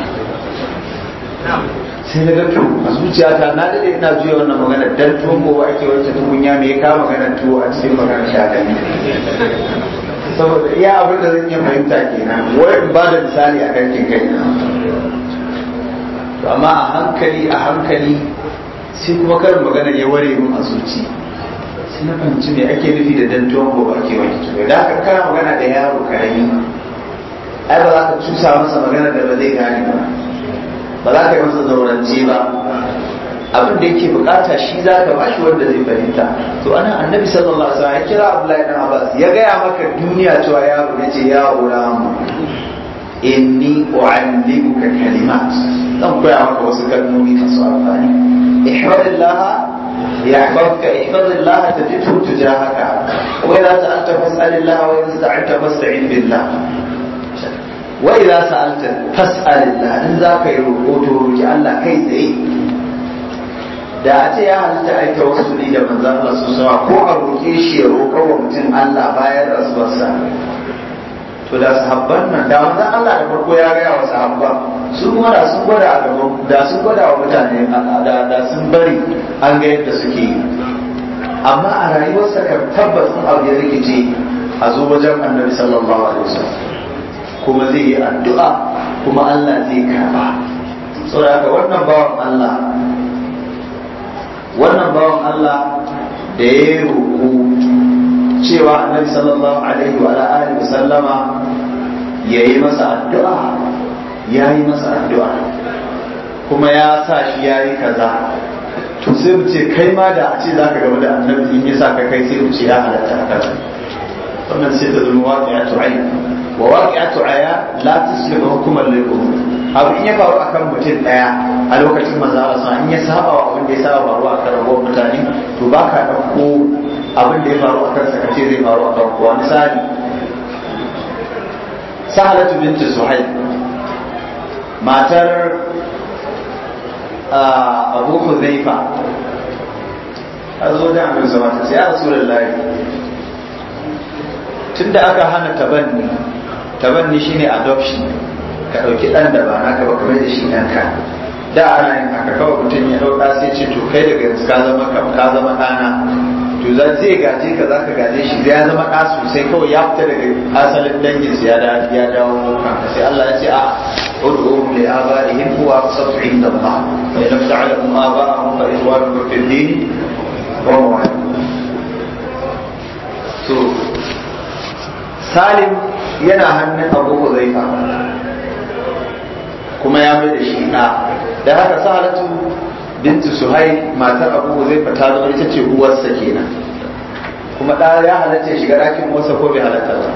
Speaker 1: sai na ga to a zuciyata na dade ina juya wannan magana dan tuwon gobe ake wacce tukunya me ya kama magana tuwo a cikin magana sha saboda iya abin da zan iya fahimta kenan wai in ba da misali a kan kai to amma a hankali a hankali sai kuma karin magana ya ware min a zuci sai na fahimci me ake nufi da dan tuwon gobe ake wacce tukunya da aka kama magana da yaro karami ai ba za ka cusa masa magana da ba zai gani ba ba za ka yi masa zaurance ba abin da yake bukata shi za ka bashi wanda zai fahimta to ana annabi sallallahu alaihi wasallam ya kira Abdullahi ibn Abbas ya gaya maka duniya cewa yaro yace ya ulamu inni u'allimuka kalimat dan koya maka wasu kalmomi masu amfani ihfazillah يحفظك احفظ الله تجده تجاهك وإذا سألت فاسأل الله وإذا استعنت فاستعن بالله wa idza sa'alta fasalilla in za ka yi roƙo to roƙi Allah kai tsaye da a ce ya halitta a yi ne da manzon Allah su sama ko a roƙe shi ya roƙa wa mutum Allah bayan rasuwarsa to da sahabban nan da manzon Allah da farko ya gaya wa su sun gwada sun gwada a gaban da sun gwada wa mutane da sun bari an ga yadda suke yi amma a rayuwarsa kan tabbas abu ya rikice a zo wajen annabi sallallahu alaihi wasallam kuma zai yi addu'a kuma Allah zai karba saboda wannan bawan Allah wannan bawan Allah da ya roƙo cewa annabi sallallahu alaihi wa alihi wa ya yi masa addu'a ya yi masa addu'a kuma ya sa shi ya yi kaza to sai mu ce kai ma da a ce za ka gaba da annabi in ya sa ka kai sai mu ce ya halatta haka wannan sai ta zama a turai. wa waqi'atu aya la tusbihu hukuman lil umur abu in ya faru akan mutum daya a lokacin manzo Allah sa in ya saba wa abin da ya saba faruwa akan rabuwar mutane to baka dauko abin da ya faru akan sa kace zai faru akan kowa misali sahalatu binti suhaib matar abu huzaifa a zo da amin zama ta sai a rasulun Tunda aka hana tabanni tabanni shine adoption ka ɗauki ɗan da ba naka ba kamar da shi ɗanka da ana yin haka kawai mutum ya ɗauka sai ce to kai daga yanzu ka zama ka zama ɗana to za zai gaje ka za ka gaje shi ya zama ɗa sosai kawai ya fita daga asalin danginsa ya ya dawo kanka sai Allah ya ce a ud'uhum li abaihim huwa aqsatu inda Allah ya lam kuma abaahum fa ikhwanukum fi din wa mawahid to Salim yana hannun abu huzaifa kuma ya mai da shi na. da haka sahalatu bintu suhai matar abu huzaifa ta zama ita ce uwarsa kenan kuma ɗa ya halatta ya shiga ɗakin uwarsa ko bai halatta ba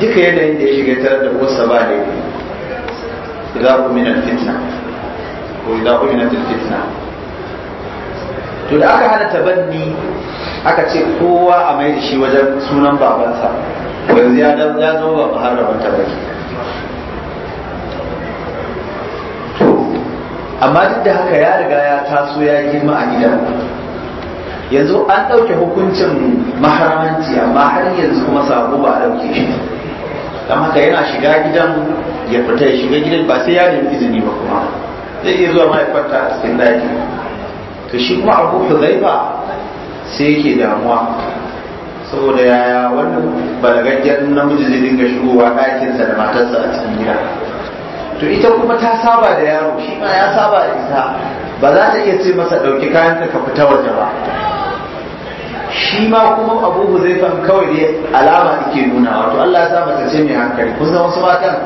Speaker 1: duka yanayin da ya shiga tare da uwarsa ba ne idan uminan fitna ko idan uminan fitna to da aka hana tabanni aka ce kowa a mai da shi wajen sunan babansa yanzu ya ba muharraman ba amma duk da haka ya riga ya taso ya girma a gida yanzu an ɗauke hukuncin maharamanci amma har yanzu kuma sabo ba a ɗauke shi don haka yana shiga gidan ya fita ya shiga gidan ba sai ya nemi izini ba kuma zai iya zuwa mahaifarta a cikin daji to shi kuma abu huzaifa sai yake damuwa saboda yaya wannan balagaggen namiji zai dinga shigowa ɗakinsa da matarsa a cikin gida to ita kuma ta saba da yaro shi ma ya saba da ita ba za ta iya ce masa ɗauki kayan ka fita waje ba shi ma kuma abubu zai huzaifan kawai da alama ke nuna wato Allah ya sa mata ce mai hankali kusa wasu matan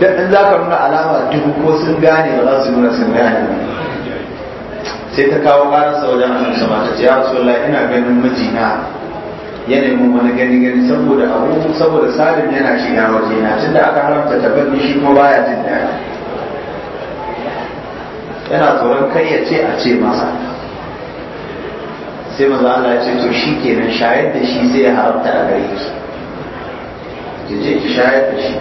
Speaker 1: dan in za ka nuna alama dubu ko sun gane ba za su nuna sun gane sai ta kawo ƙararsa wajen annabi sama ta ce ya ina ganin mijina yanayin mun wani gani gani saboda abu saboda salim yana shiga waje na da aka haramta tabarni shi kuma baya jin daɗi yana tsoron kai ya ce a ce masa sai maza Allah ya ce to shi kenan shayar da shi sai ya haramta a gare shi. ki je ki shayar da shi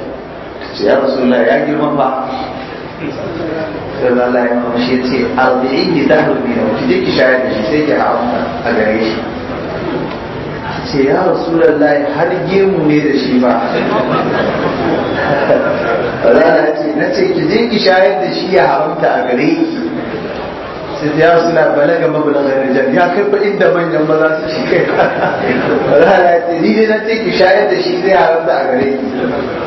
Speaker 1: ce ya rasulullah ya girma ba sai maza Allah ya kuma shi ya ce arzi'in ki zahrumi na ki je ki shayar da shi sai ki haramta a gare shi ce ya rasulullahi har gemu ne da shi ba rana ce na ce ki je ki shayar da shi ya haramta a gare ki sai ya suna balaga mabalaga rijal ya kai fa inda manyan maza su shi kai rana ce ni dai na ce ki shayar da shi zai haramta a gare ki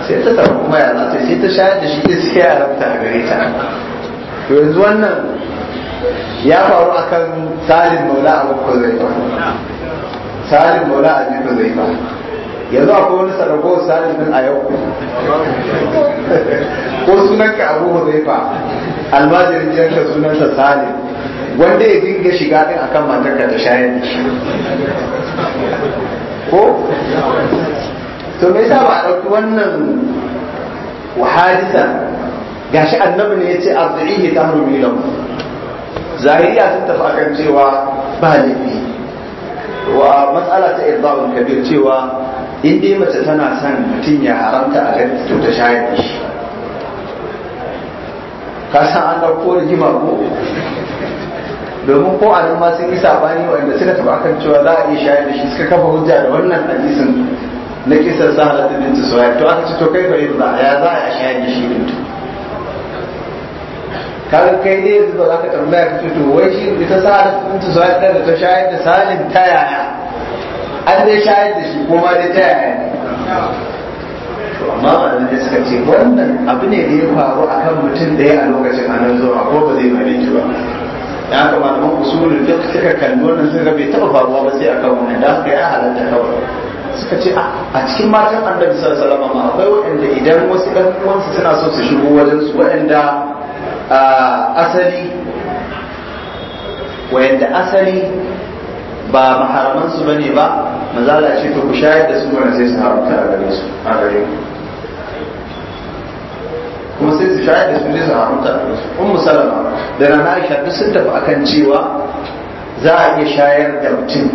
Speaker 1: sai ta samu kuma ya za sai ta shayar da shi zai haramta a gare ta yanzu wannan ya faru akan salim maula abu kwazai salim maula a jirgin zai ba yanzu akwai wani sarrafo salim din a yau ko sunanka abu ba almajirin sunan sunansa salim wanda ya dinga shiga din akan matarka ta shayar da shi ko to me yasa ba a ɗauki wannan wahadisa gashi annabi ne ya ce arzihi ta hurmi lahu zahiriya sun tafi akan cewa ba laifi wa matsala ta irza'ul kabir cewa in dai mace tana son mutum ya haramta a gani
Speaker 2: to ta shayar da shi
Speaker 1: ka san an ɗauko rigima ko domin ko a ma sun yi sabani wanda suka taba kan cewa za a iya shayar da shi suka kafa hujja da wannan hadisin na kisan sa halatta bintu suwaye to aka ci to kai fa yi za ya za a shayar da shi bintu kaga kai ne yanzu ba za ka tambaya ka to wai shi ita sa'ad bintu sa'ad da ta shayar da salim ta yaya an dai shayar da shi kuma dai ta yaya to amma malamin da suka ce wannan abu ne da ya faru akan mutum daya a lokacin anan zuwa ko ba zai mare ki ba ka haka malaman usulun duk suka kalli wannan suka bai taba faruwa ba sai akan wannan da haka ya halatta kawai suka ce ah, a cikin matan annabi sallallahu alaihi wasallam akwai waɗanda idan wasu ɗan uwansu suna so su shigo wajen su wanda asali wayanda asali ba maharamansu bane ba mazala ce to ku shayar da su wanda sai su haramta a gare su a gare kuma sai su shayar da su sai su haramta a gare su ummu salama da rana aisha duk sun tafi akan cewa za a iya shayar da mutum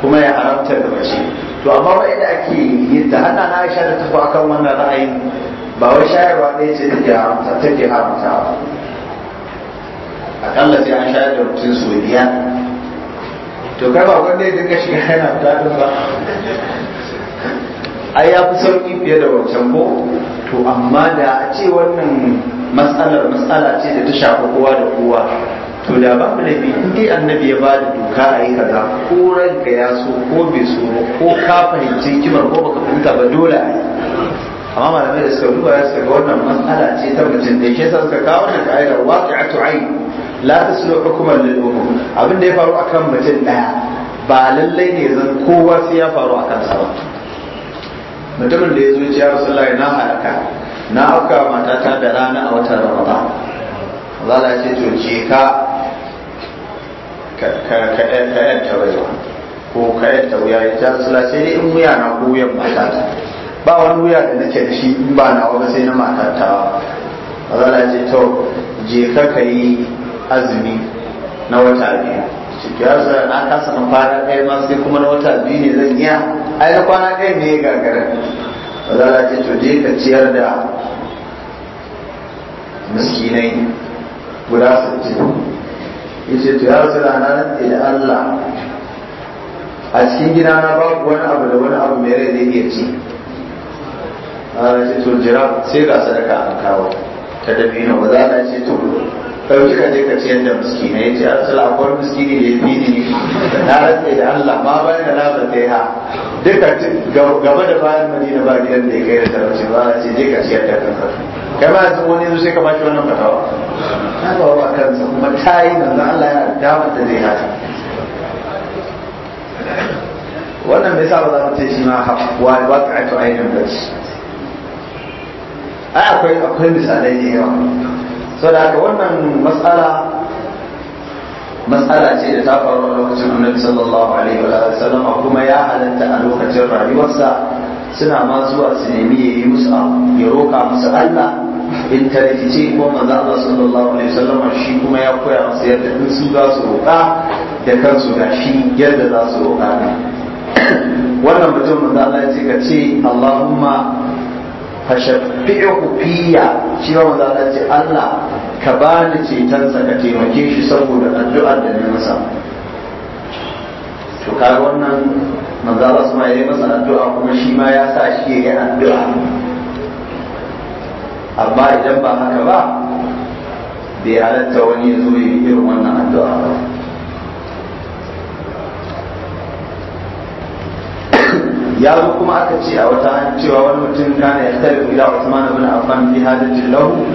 Speaker 1: kuma ya haramta da mace to amma wai da ake yin ta hana na aisha da tafi akan wannan ra'ayin ba wai shayarwa ne ce take haramta take haramta ba akalla sai an shayar da mutum sau biyar to kai ba wanda ya dinga shiga yana dadin ba ai ya fi sauki fiye da wancan ko to amma da a ce wannan matsalar matsala ce da ta shafi kowa da kowa to da ba mu laifi inda annabi ya ba da doka a yi kaza ko ranka ya so ko bai so ko ka fahimci kimar ko baka fahimta ba dole a yi amma malamai da suka duba suka ga wannan matsala ce ta mutum da ke sa suka kawo da ka'ida waqi'atu ayn la taslu suna hukumar umum abin da ya faru akan mutum daya ba lallai ne zan kowa sai ya faru akan sa ba mutumin da ya zo ya lai na haraka na auka matata da rana a watan ramadan a ce to je ka ka ka ko ka ta wuya ya rasulullahi sai dai in wuya na goyon ta. ba wani wuya da nake da shi in ba nawa ba sai na matata Allah ce to je ka kai azumi na wata biyu ciki ya sa na kasa na fara ɗaya ma sai kuma na wata biyu ne zan iya ai na kwana ɗaya ne ya gagara Allah ce to je ka ciyar da miskinai guda sittin ce to ya rasu da ɗaya da Allah a cikin na babu wani abu da wani abu mai rai zai iya ci ala ce to jira sai ga sadaka an kawo ta dabino ba za a ce to ɗauki ka je ka ciyar da miskina ya ce arsala akwai miskini da ya fi ni na rantsa da Allah ma bayan da labar da ya duka gaba da bayan madina ba gidan da ya kai da talauci ba a ce je ka ci ciyar kan kanka kai ba yanzu wani yanzu sai ka bashi wannan fatawa ta ba wa kansa kuma ta yi nan Allah ya damar da zai hata wannan bai sa ba za mu ce shi ma waƙa'atu ainihin bacci ai akwai akwai misalai ne yawa da haka wannan matsala matsala ce da ta faru a lokacin annabi sallallahu alaihi wa sallam kuma ya halatta a lokacin rayuwarsa suna ma zuwa su nemi ya yi musu ya roka musu Allah in ta rikice ko manzo Allah sallallahu alaihi wa sallam shi kuma ya koya musu yadda in su za su roka da kansu ga shi yadda za su roka wannan mutum manzo Allah ya ce ka ce Allahumma fashaffi'u fiya shi ma maza Allah ce Allah ka bani cetonsa ka taimake shi saboda addu'ar da na masa to kaga wannan manzo Allah su ma yayi masa addu'a kuma shi ma ya sa shi yayi addu'a amma idan ba haka ba bai halatta wani ya zo yi irin wannan addu'a ba ya zo kuma aka ce a wata cewa wani mutum kana ya tare ila Usman ibn Affan bi hadatin lahu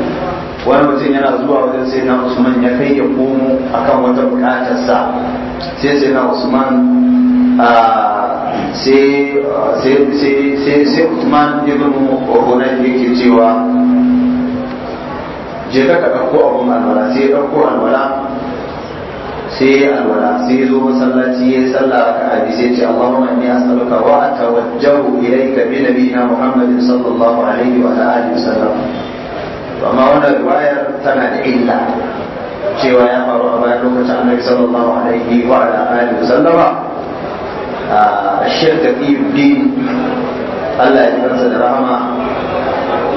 Speaker 1: wani mutum yana zuwa wajen sai na Usman ya kai ya komo akan wata bukatar sa sai sai na Usman sai sai sai Usman ibn Affan yake cewa je ka ka ko abun alwala sai ya ko alwala sai ya alwala sai ya zo masallaci ya salla raka a sai ce Allahumma inni as'aluka wa atawajjahu ilayka bi nabiyina Muhammadin sallallahu alaihi wa alihi wasallam to amma wannan riwayar tana da illa cewa ya faru a bayan lokacin Annabi sallallahu alaihi wa alihi wasallam a shirka din Allah ya kansa da rahama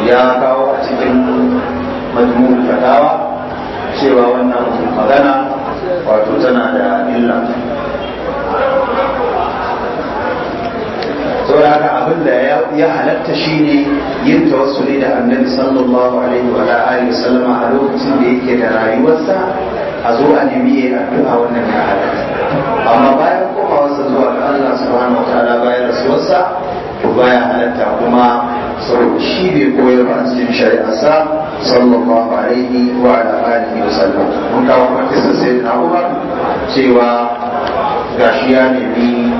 Speaker 1: ya kawo a cikin majmu'ul fatawa cewa wannan magana wato tana da illa saboda haka abin da ya halatta shine yin tawassuli da annabi sallallahu alaihi wa alihi sallama a lokacin da yake da rayuwarsa a zo a nemi addu'a wannan ya halatta amma bayan komawarsa zuwa ga Allah subhanahu wa ta'ala bayan rasuwarsa to baya halatta kuma saboda shi bai koyar ba a cikin shari'arsa sallallahu alaihi wa ala alihi wa sallam mun kawo kuma kisa sai na Umar cewa gashi ya nemi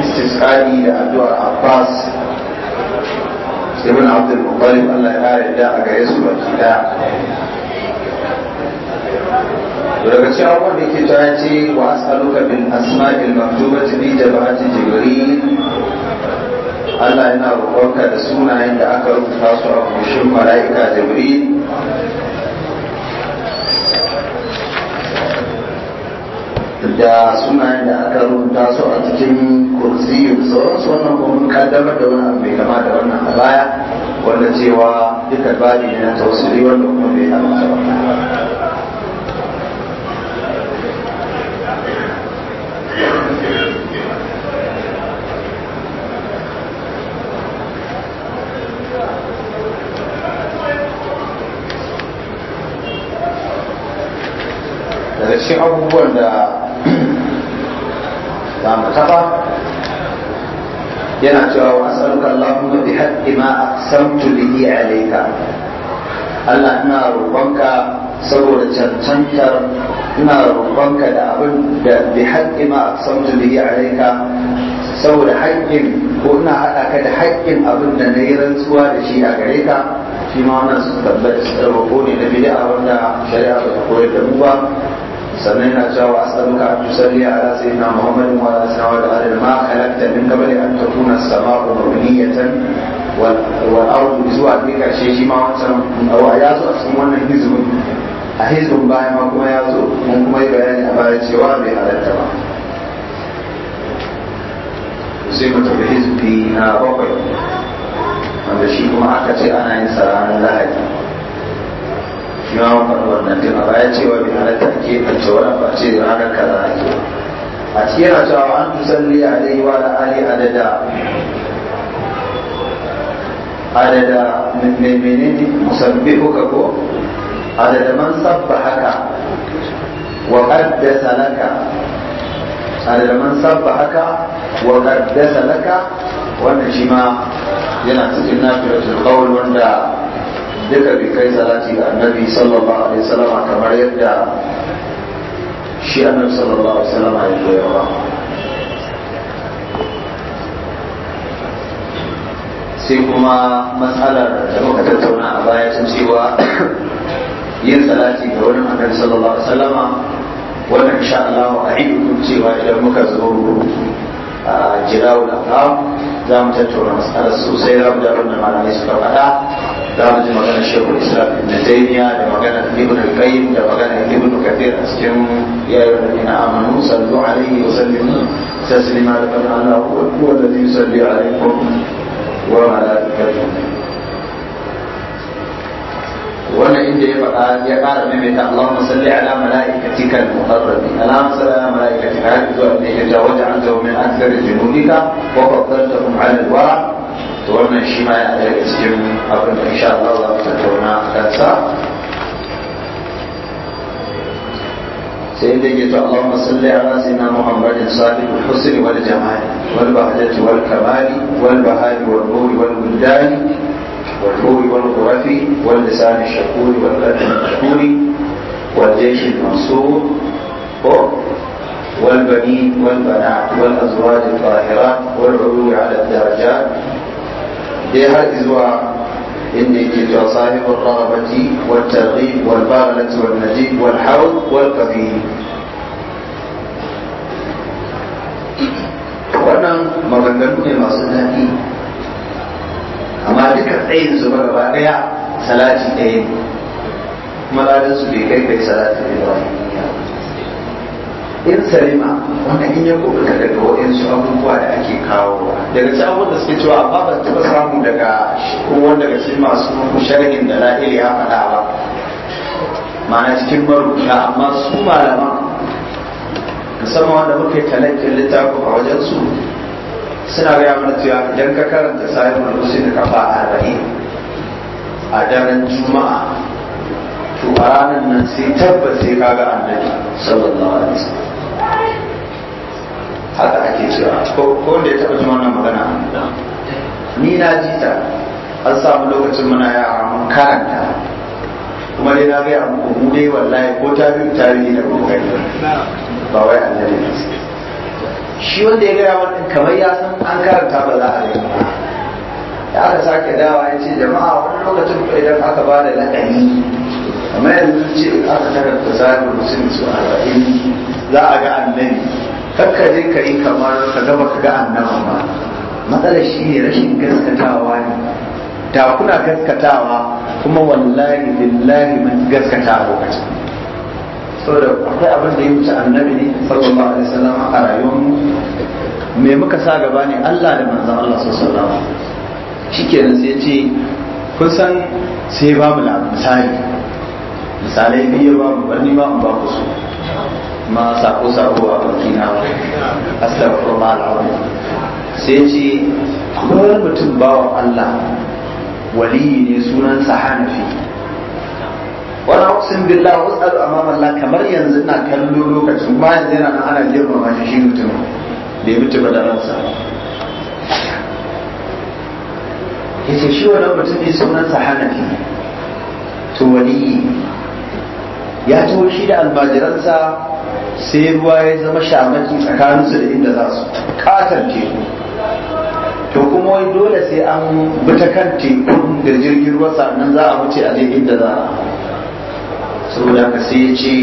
Speaker 1: istisqali da addu'ar Abbas ibn Abdul Muttalib Allah ya kare da a gare su baki da daga cewa abubuwan da ke ta ce wa as'aluka bin asma'il maktubati bi jama'ati jibril Allah yana roƙonka da sunayen da aka rubuta su a kushin mala'ika Jibril da sunayen da aka rubuta su a cikin kursi da sauransu wannan kuma kaddamar da wani abu mai kama da wannan a baya wanda cewa duka bari ne na tausiri wanda kuma bai halatta ba daga cikin abubuwan da ba mu kafa yana cewa wa asaluka Allahu bi haqqi ma aqsamtu bihi alayka Allah ina roƙonka saboda cancantar ina roƙonka da abin da bi haqqi ma aqsamtu bihi alayka saboda haƙƙin ko ina haɗa ka da haƙƙin abin da na yi rantsuwa da shi a gare ka shi ma wannan su tabbata su ne na bid'a wanda shari'a ba ta koyar da mu ba sannan yana cewa wa asaluka an tusalli ala sayyidina muhammadin wa ala sayyidina wa ala ma khalaqta min qabli an takuna as-sama'u mabniyatan wal zuwa bi karshe shi ma wancan ya a cikin wannan hizbin a hizbin baya ma kuma ya mun kuma yi bayani a baya cewa bai halatta ba sai bakwai wanda shi kuma aka ce ana yin sa ranar lahadi imam faɗi wannan din a ya cewa bai halatta ake ɓance wani ba ce ranar kaza ake a cikin yana cewa an tusalli alaihi wa da ali adada adada menene musabbihuka ko adada man sabba haka wa qaddasa laka adada man sabba haka wa qaddasa laka wannan shi ma yana cikin nafilatul qawl wanda duka bai kai salati ga annabi sallallahu alaihi wasallam kamar yadda shi annabi sallallahu alaihi wasallam ya koyar ba sai kuma matsalar da muka tattauna a baya sun cewa yin salati ga wani makar sallallahu alaihi wasallama wannan insha Allah a cewa idan muka zo jira'ul afram za mu tattauna matsalar sosai za mu da abin da malamai suka faɗa za mu ji magana shehu islam ibn taymiya da magana ibn al-qayyim da magana ibn kathir a cikin ya yi wani na amanu sallu alaihi wa sallimu taslima da kan allah ko zai salli alaikum wa malaikatu wannan inda ya faɗa ya ƙara maimaita Allahumma salli ala mala'ikatika al-muqarrabi ala salli ala mala'ikatika har zuwa inda ya ja wajen an zama min akthar junubika wa qaddaltahum ala al-wara to wannan shi ma ya daga cikin abin da insha Allah za mu tattauna a kansa sai da ke to Allahumma salli ala sayyidina Muhammadin salihul husni wal jamali wal bahdati wal kamali wal bahari wal nuri wal buldani والروح والخرفي واللسان الشكور والقلب المشكور والجيش المنصور والبنين والبنات والأزواج الطاهرات والعلو على الدرجات بها الازواء إني كنت صاحب الرغبة والترغيب والبغلة والنجيب والحوض والقبيل وأنا maganganu ما masu amma duka tsayin su ba gaba daya salati ɗaya ne kuma ladan su bai kai kai salati da yawa in salima wanda in ya kubuta daga waɗansu abubuwa da ake kawo daga cikin abubuwan da suke cewa ba ba taɓa samu daga kowane daga cikin masu sharhin da la'ili ya faɗa ba ma'ana cikin marubuta amma su malaman musamman wanda muka yi talakin littafin a wajen su. suna gaya mana cewa idan ka karanta sahihul da kafa arba'in a daren juma'a to a ranar nan sai tabbas sai ka ga annabi sallallahu alaihi wasallam haka ake cewa ko wanda ya taba wannan magana ni na ji ta an samu lokacin muna yara mun karanta kuma dai na gaya muku mu dai wallahi ko ta biyu ta biyu da ba wai annabi ne shi wanda ya gaya wannan kamar ya san an karanta ba za a yi da aka sake dawa ya ce jama'a wani lokacin idan aka ba da A kamar yanzu ce aka karanta zaɓi mutum su arba'in za a ga annabi kakka je ka yi kamar ka gama ka ga annaba ba matsalar shi ne rashin gaskatawa ne da kuna gaskatawa kuma wallahi billahi mun gaskata a lokacin saboda akwai abin da ya wuce annabi ne sallallahu alaihi wasallam a rayuwar mu me muka sa gaba ne Allah da manzon Allah sallallahu alaihi shikenan sai ce kun san sai ba mu misali misalai biyu ba mu barni ba mu ba ku su ma sako sako a bakina astaghfirullah alazim sai ce wani mutum bawa Allah waliyi ne sunansa hanafi wala uqsim billah us'alu amama Allah kamar yanzu ina kallo lokacin bayan yanzu yana nan ana jefa ma shi mutum da ya mutu da ransa yace shi wannan mutum ne sa Hanafi to wali ya taho shi da albajiransa sai ruwa ya zama shamaki tsakaninsu da inda za su katar teku to kuma wai dole sai an bi ta kan tekun da jirgin ruwa sannan za a wuce a je inda za a saboda ka sai ce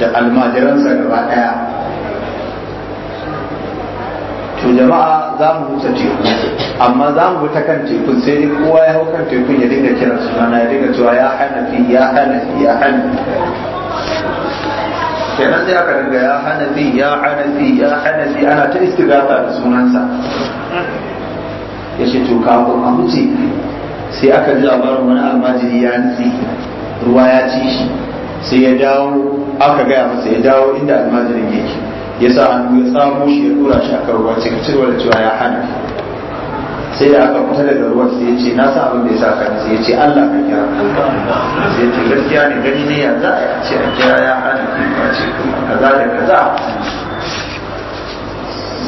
Speaker 1: da almajiransa gaba ɗaya to jama'a za mu huta teku amma za mu ta kan tekun sai dai kowa ya hau kan tekun ya dinga suna na ya dinga cewa ya hanafi ya hanafi ya hana kenan sai aka dinga ya hanafi ya hanafi ya hanafi ana ta istigata da sunansa ya ce to kafin a wuce sai aka ji labarin wani almajiri ya nufi. ruwa ya ci shi sai ya dawo aka gaya masa ya dawo inda almajirin yake ya sa hannu ya samu shi ya dura shi aka ruwa cikin cewa da cewa ya hana sai da aka fita daga ruwan sai ya ce na sa abin da ya sa kan sai ya ce Allah ka kira sai ya ce gaskiya ne gani ne ya za a ce a kira ya hana ka ce kaza da kaza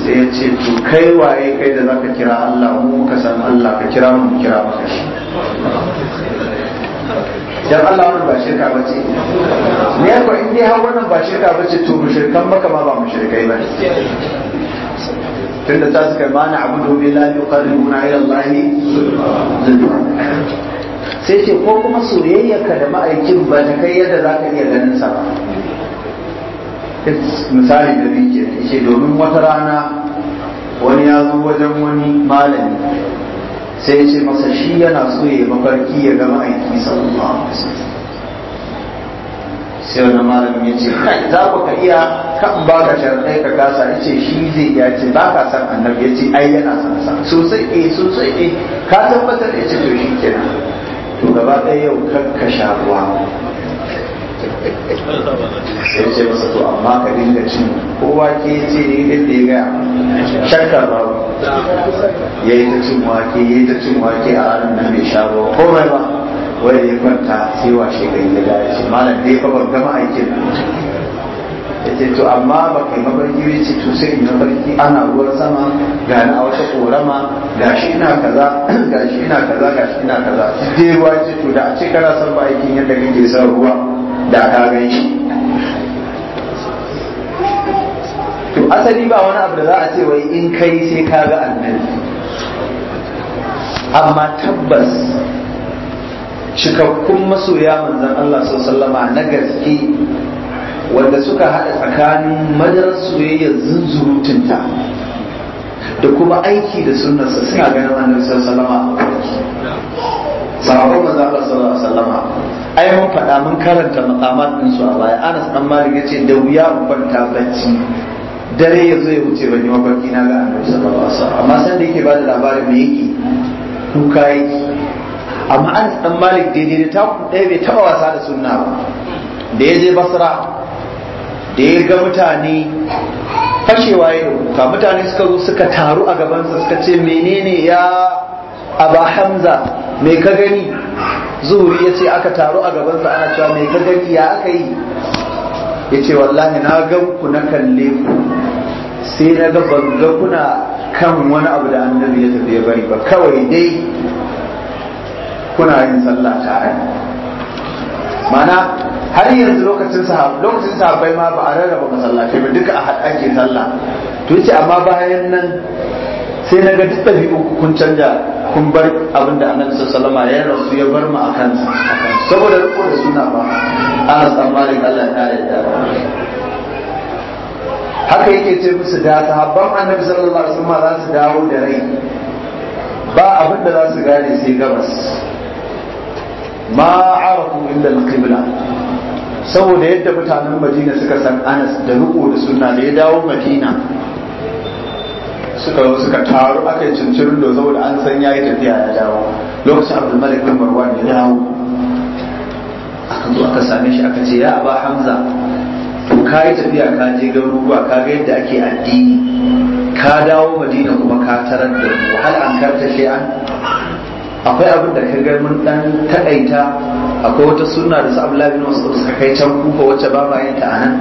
Speaker 1: sai ya ce to kai waye kai da za ka kira Allah mu ka san Allah ka kira mu kira maka shi
Speaker 2: dan Allah mun ba shirka bace ne ko in
Speaker 1: dai har wannan ba shirka bace to shirkan maka ma ba mushrikai ba tunda ta suka na abudu billahi yuqarribuna ila allahi sai ce ko kuma soyayyarka da ma'aikin ba ta kai yadda zaka iya ganin sa ba misali da ke ce domin wata rana wani ya zo wajen wani malami sai ya ce masa shi yana so ya mafarki ya gama aiki sallallahu alaihi wasallam sai wani malamin ya ce kai za ku ka iya kan ba ka sharadai ka kasa ya ce shi zai ya ce ba ka san annabi ya ce ai yana san san sosai eh sosai eh ka tabbatar ya ce to shi kenan to gaba ɗaya yau kan ka sha ruwa sai ce masa to amma ka dinga cin kowa ke ce ne yadda ya gaya shakka ba ya yi ta cin wake ya yi ta cin wake a ranar nan bai sha ba komai ba wanda ya kwanta sai washe gari da dawo shi malam dai fa ban gama aikin ya ce to amma ba kai mafarki ya ce to sai na farki ana ruwan sama ga na a wata korama ga shi na kaza ga shi na kaza ga shi na kaza dai ruwa ya ce to da a ce kana son ba aikin yadda kake son ruwa da ka gan to asali ba wani abu da za a ce wai in kai sai ka ga annabi amma tabbas cikakkun masoya manzan Allah sallama na gaske wanda suka haɗa tsakanin madarar soyayyar zunzurutunta da kuma aiki da sunansa suna ganin annabi sallama a sahabban manzo Allah sallallahu alaihi ai mun faɗa mun karanta maqamat din a baya Anas dan Malik yace da wuya mu kwanta bacci dare ya zo ya wuce ban yi mafarki na ga Annabi sallallahu alaihi wasallam amma san da yake bada labarin me yake kuka yake amma Anas dan Malik daidai da ta ku ɗaya bai taba wasa da sunna ba da ya je Basra da ya ga mutane fashewa ya kuka mutane suka zo suka taru a gabansa suka ce menene ya aba hamza mai ka gani zuhuri ya ce aka taru a gabansa ana cewa mai ka gani ya aka yi ya ce wallahi na gan ku na kalle ku sai na ga banga kuna kan wani abu da annabi ya tafi ya bari ba kawai dai kuna yin sallah tare mana har yanzu lokacin lokacin sahabbai ma ba a rarraba masallaci ba duka a haɗa ake sallah to yace amma bayan nan sai na ga duk ɗabi'u kun canja kun bar abin da annabi sallallahu alaihi ya rasu ya bar mu a kansa saboda riko da suna ba ana dan Allah ya yarda haka yake ce musu da habban annabi sallallahu alaihi wasallam za su dawo da rai ba abin da za su gane sai gabas ma arafu illa al-qibla saboda yadda mutanen Madina suka san Anas da riko da sunna da ya dawo Madina suka zo suka taru aka yi cincirin da saboda an san ya yi tafiya ya dawo lokacin abdul malik bin marwan ya dawo aka zo aka same shi aka ce ya aba hamza to ka yi tafiya ka je garuruwa ka ga yadda ake addini ka dawo madina kuma ka tarar da mu har an karta an akwai abin da ka ga mun dan takaita akwai wata sunna da su abdullahi bin mas'ud suka kai can kufa wacce ba ma yin ta anan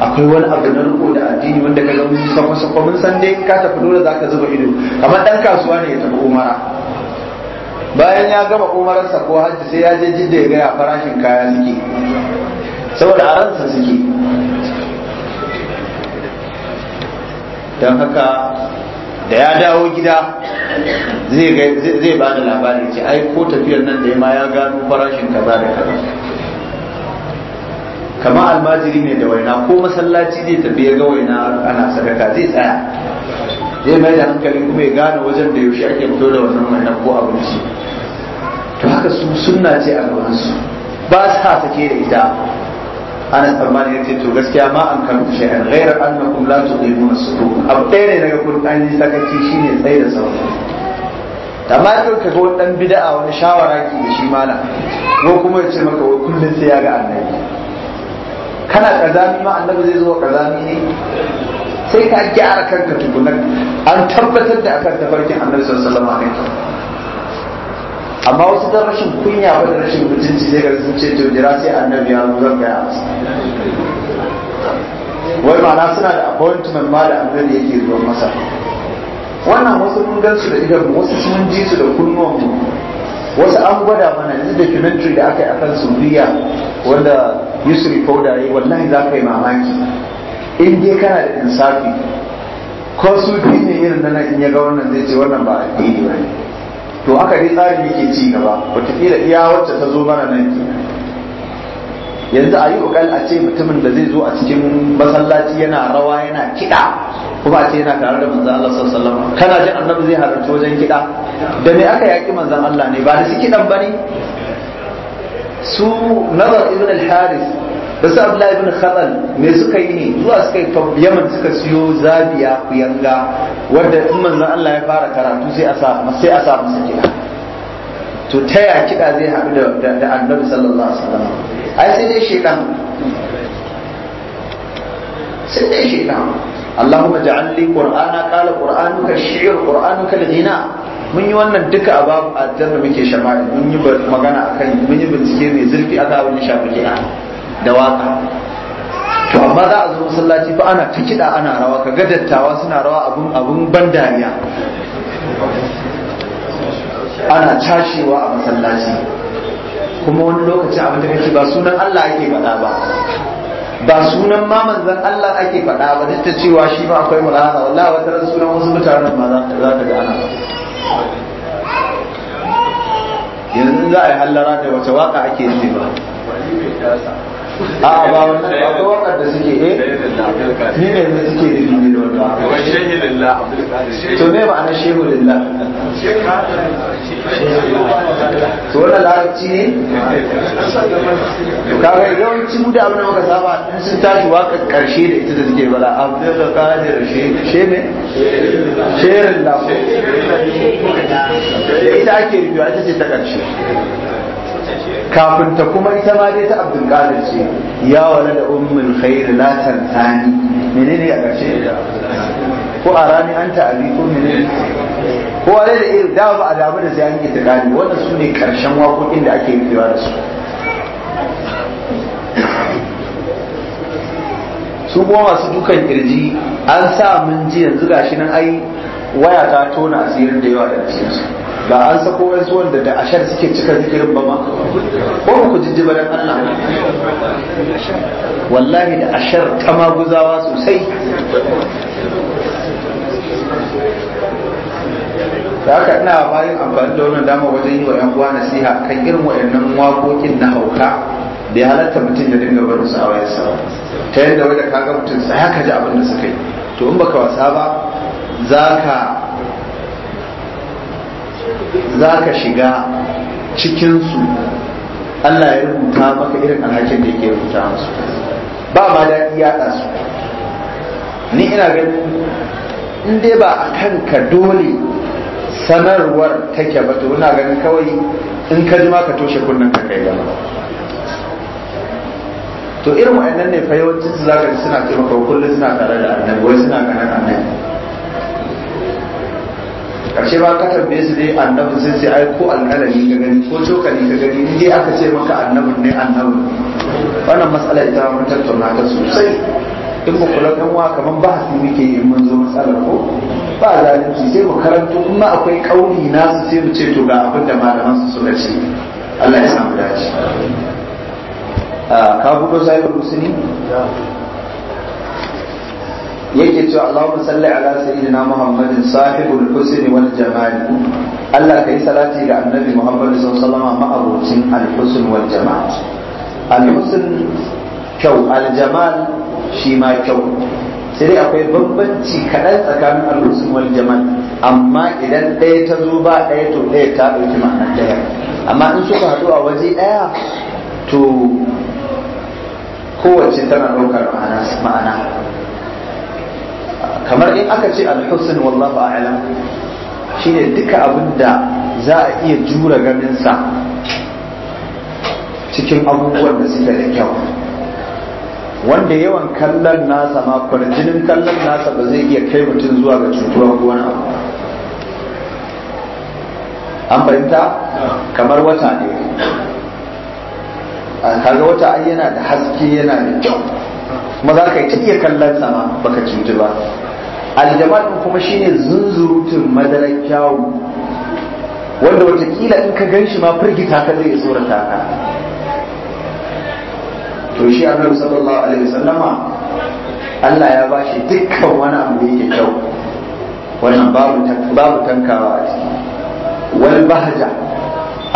Speaker 1: akwai wani abu na riko da addini wanda ka zama sakwa sakwa mun san dai ka tafi dole za ka zuba ido kamar dan kasuwa ne ya tafi umara bayan ya gama umararsa ko hajji sai ya je jidda ya gaya farashin kaya suke saboda a ransa suke don haka da ya dawo gida zai ba da labari ce ai ko tafiyar nan da ya ma ya gano farashin kaza da kaza kama almajiri ne da waina ko masallaci zai tafi ya ga waina ana sadaka zai tsaya zai mai da hankali kuma ya gane wajen da yaushe ake fito da wannan waina ko abinci to haka su sunna ce a gabansu ba sa take da ita ana tsammani yace to gaskiya ma an kan shay'an ghayra annakum la tuqimuna sukun abu ɗaya ne daga qur'ani an yi sakaci shine tsaye da sauri amma ya ka ga wani dan bida'a wani shawara ki da shi malam ko kuma ya ce maka wai kullum sai ya ga annabi kana kazami ma annabi zai zo kazami ne sai ka gyara kanka tukuna an tabbatar da akan tafarkin annabi sallallahu alaihi wasallam amma wasu dan rashin kunya ba da rashin mutunci sai ga sun ce to jira sai annabi ya zo zan gaya wai ma na suna da appointment ma da annabi yake zuwa masa wannan wasu mun gan su da idan wasu sun ji su da kunnuwan mu wasu an gwada mana ni documentary da aka yi akan suriya wanda yusri fauda ya za ka yi mamaki in dai kana da insafi ko su ne irin na in ya ga wannan zai ce wannan ba a ba ne to aka dai tsarin yake ci gaba wataƙila iya wacce ta zo mana nan kenan yanzu a yi a ce mutumin da zai zo a cikin masallaci yana rawa yana kiɗa kuma a ce yana tare da manzan Allah sallallahu alaihi kana jin annabi zai halarci wajen kiɗa da me aka yaki manzan Allah ne ba da su kiɗan bane su nazar ibn al-haris da su abdullahi ibn khatal me suka yi ne zuwa suka yi yaman suka siyo zabiya kuyanga wadda in manzan Allah ya fara karatu sai a sa sai a sa masa kiɗa to ta ya kiɗa zai haɗu da annabi sallallahu alaihi wasallam ai sai dai shedan sai dai shedan Allahumma ja'al li qur'ana qala qur'anuka shi'r qur'anuka al-ghina mun yi wannan duka a babu aljanna muke shama'il mun yi magana akan mun yi bincike mai zurfi aka abin shafi kiɗa da waka to amma za a zo masallaci fa ana ta kiɗa ana rawa ka ga dattawa suna rawa abun abun ban dariya
Speaker 2: ana cashewa
Speaker 1: a masallaci kuma wani lokaci abin da kake ba sunan Allah ake faɗa ba ba sunan ma manzan Allah ake faɗa ba duk da cewa shi ma akwai mulaha wallahi wata ran sunan wasu mutanen ma za ta ga ana yanzu za a yi hallara da wace waka ake yi ba a ba wannan ba ko wakar da suke eh ni ne ne suke da bibi da wannan wa shehu lillah to me shehu lillah to wannan larabci ne to kaga yawanci mu da abin da muka saba in sun tashi wakar karshe da ita da suke bala abdul qadir shehu shehu ne shehu lillah ita ake rubuwa ita ce ta karshe kafin ta kuma ita ma dai ta abdul qadir ce ya wala da ummul khair la tantani menene a kace ko a rani an ta abi ko menene ko wale da irin da ba a damu da an yi itikadi wannan su ne karshen waƙoƙin da ake yi da su su kuma masu dukan kirji an sa mun ji yanzu gashi nan ai waya ta tona asirin da yawa da cikin su ba an sako wasu wanda da ashar suke cika zikirin ba ma ko ku jiji baran Allah wallahi da ashar kama guzawa sosai da haka ina bayan amfani da wannan dama wajen yi wa yan uwa nasiha kan irin waɗannan waƙoƙin na hauka da ya halatta mutum da dinga barin sa a sa ta yadda wanda kaga mutum sai haka ji abin da suka yi to in baka wasa ba za ka za ka shiga cikinsu Allah ya rubuta maka irin alhakin da yake rubuta musu ba ma daɗi yaɗa su ni ina ganin in dai ba a ka dole sanarwar take ba to ina ganin kawai in ka ji ka toshe kunnen ka kai gaba to irin wa'annan ne fa yawancin za zaka ji suna taimakawa kullum suna tare da annabi wai suna kanan annabi karshe ba ka tambaye su dai annabin sai sai ai ko alƙalami ka gani ko cokali ka gani in dai aka ce maka annabin ne annabin wannan matsala ita mun tattauna ta sosai in ba kula ɗan wa kamar ba su muke in mun zo matsalar ko ba zalunci sai mu karanto in ma akwai na su sai mu ce to ga abin da malaman su suka ce Allah ya samu dace ah, ka buɗo zai rusuni yake cewa Allahumma salli ala sayyidina Muhammadin sahibul husni wal jamal Allah kai salati ga Annabi Muhammad sallallahu alaihi wasallam ma'abucin al husn wal jamal al husn kyau al jamal shi ma kyau sai dai akwai bambanci kaɗan tsakanin al husn wal jamal amma idan ɗaya ta zo ba ɗaya to ɗaya ta ɗauki ma'anar ɗaya amma in suka haɗu a waje ɗaya to kowace tana ɗaukar ma'ana kamar in aka ce alhusn wallahu a'lam shine duka abin da za a iya jura sa cikin abubuwan da suke da kyau wanda yawan kallon nasa ma kwarjinin kallon nasa ba zai iya kai mutum zuwa ga cutuwar gona abu an fahimta kamar wata ne kaga wata ai yana da haske yana da kyau kuma za ka iya kallon sama baka cutu ba aljamal kuma shine zunzurutun madarar kyawu wanda watakila in ka gan shi ma firgita ka zai tsorata ka to shi annabi sallallahu alaihi wasallama Allah ya ba shi dukkan wani abu da yake kyau wannan babu babu tankawa a ciki wal bahja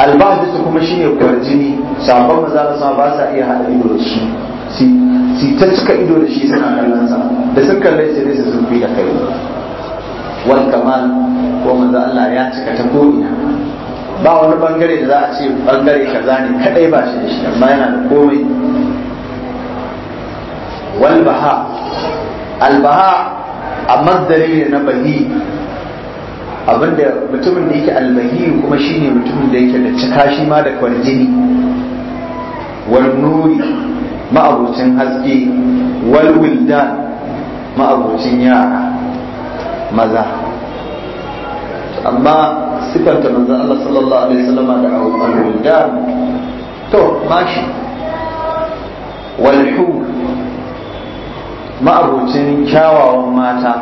Speaker 1: al bahja kuma shine kwarjini sabon maza ba sa iya haɗa ido da shi si ta cika ido da shi suna kallon da sun kalle sai dai su da kai Wani kamar ko manzo Allah ya cika ta ko'ina ba wani bangare da za a ce bangare kaza ne kadai ba shi da shi amma yana da komai wal baha al baha a masdari ne na bahi abinda mutumin da yake albahi kuma shine mutumin da yake da cika shi ma da kwarjini wal nuri ma'abucin haske wal ma'abucin yara maza amma sifanta manzan Allah sallallahu alaihi wasallam da al to mashi walhu, ma'abucin kyawawan mata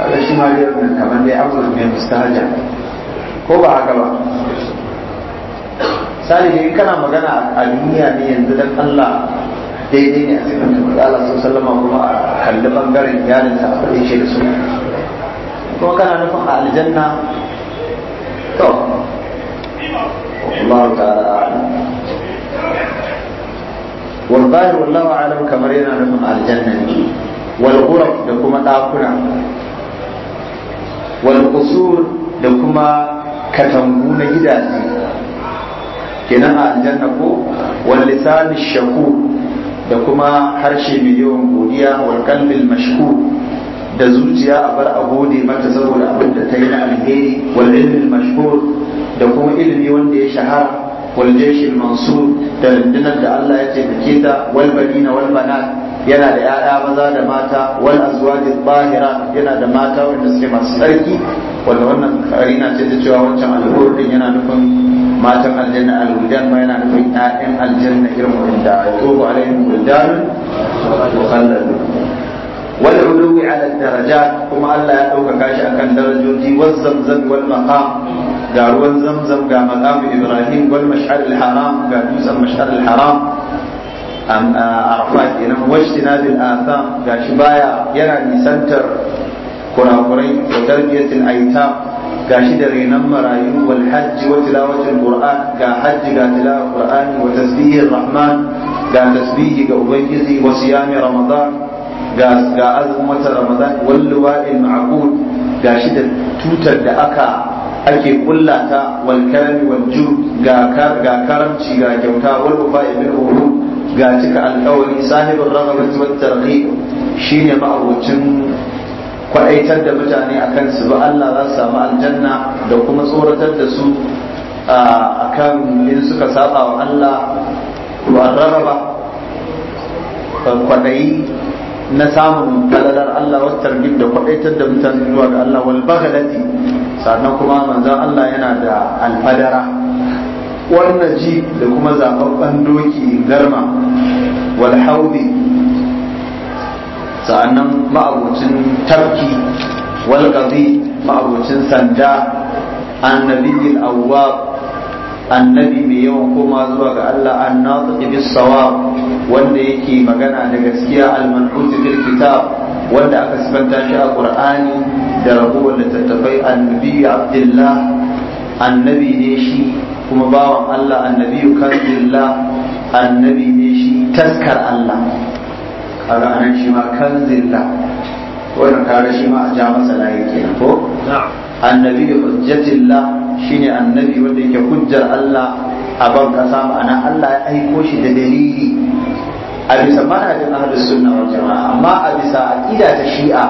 Speaker 1: Da shi ma dai kamar dai abu ne mustahaja ko ba haka ba misali da in kana magana a duniya ne yanzu dan Allah daidai ne a cikin da Allah sun sallama kuma a kalli bangaren iyalinsa a faɗin shi da su kuma kana nufin a aljanna to Allah ta'ala والظاهر والله اعلم كما رينا نفهم الجنه والغرف لكما داكنا والقصور لكما katangu na gidaje kenan a aljanna ko wal lisan shaku da kuma harshe mai yawan godiya wal qalbil mashku da zuciya a bar a gode mata saboda abin da ta yi na alheri wal ilmin mashkur da kuma ilimi wanda ya shahara والجيش المنصور تلندنا دا الله يتبكيتا والبنين والبنات yana da ‘ya'ya maza da mata wal azwajin bahira yana da mata wanda suke masu tsarki wanda wannan karina ce ta cewa wancan alhurin yana nufin matan aljanna al-wildan ma yana nufin ƴaƴan aljanna irin wanda ya tobu alaihim wildan wa khalladu wal uluwi ala darajat kuma Allah ya ɗaukaka shi akan darajoji wal zamzam wal maqam ga ruwan zamzam ga maqam ibrahim wal mash'ar al-haram ga dutsen mash'ar al-haram arfa kenan wajtina bil atham gashi baya yana nisantar kurakurai wa tarbiyatul aitam gashi da renan marayu wal hajji wa tilawatul qur'an ga hajji ga tilawatul qur'ani wa tasbihir rahman ga tasbihi ga ubangiji wa siyami ramadan ga ga azumin watan ramadan wal luwa'il ma'qud gashi da tutar da aka ake kullata wal karami wal jud ga ga karamci ga kyauta wal wafa'i bil urud ga cika alƙawari sahibul raghabati wat targhib shine ma'abucin kwaɗaitar da mutane kan su ba Allah za su samu aljanna da kuma tsoratar da su a kan in suka saba wa Allah wa rarraba kwaɗayi na samun falalar Allah wasu targib da kwaɗaitar da mutane zuwa ga Allah wal baghlati sannan kuma manzon Allah yana da alfadara wannan ji da kuma zaɓaɓɓen doki garma wal haudi sa'annan ma'abucin tarki wal qadi ma'abucin sanda annabiyil awwab annabi mai yawan koma zuwa ga Allah annatiq bis sawab wanda yake magana da gaskiya al-manhut bil kitab wanda aka sifanta shi a Qur'ani da rabuwar littattafai annabi Abdullah annabi ne shi kuma bawan Allah annabi kanzillah annabi ne shi taskar Allah A anan shi ma zinda wannan kare shi ma a ja masa layi kenan ko annabi da hujjatillah shine annabi wanda yake hujjar Allah a ban kasa ma'ana Allah ya aiko shi da dalili a bisa manhajin ahlus sunna wal jama'a amma a bisa aqida ta shi'a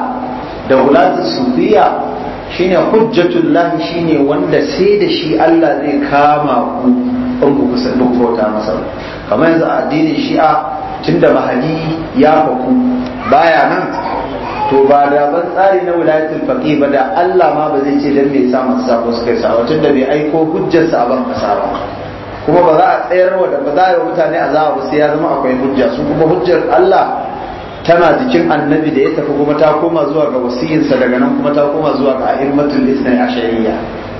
Speaker 1: da hulatul sufiya shine hujjatullah shine wanda sai da shi Allah zai kama ku in ku kusa duk bauta masa kamar yanzu a addinin shi'a tunda mahadi ya faku baya nan to ba da ban tsari na wilayatul faqih ba da Allah ma ba zai ce dan me samu sako suka sa ba tunda bai aiko hujjar sa ban kasa ba kuma ba za a tsayar wa da ba za a yi mutane za ba sai ya zama akwai hujja su kuma hujjar Allah tana jikin annabi da ya tafi kuma ta koma zuwa ga wasiyinsa daga nan kuma ta koma zuwa ga a'immatul isnai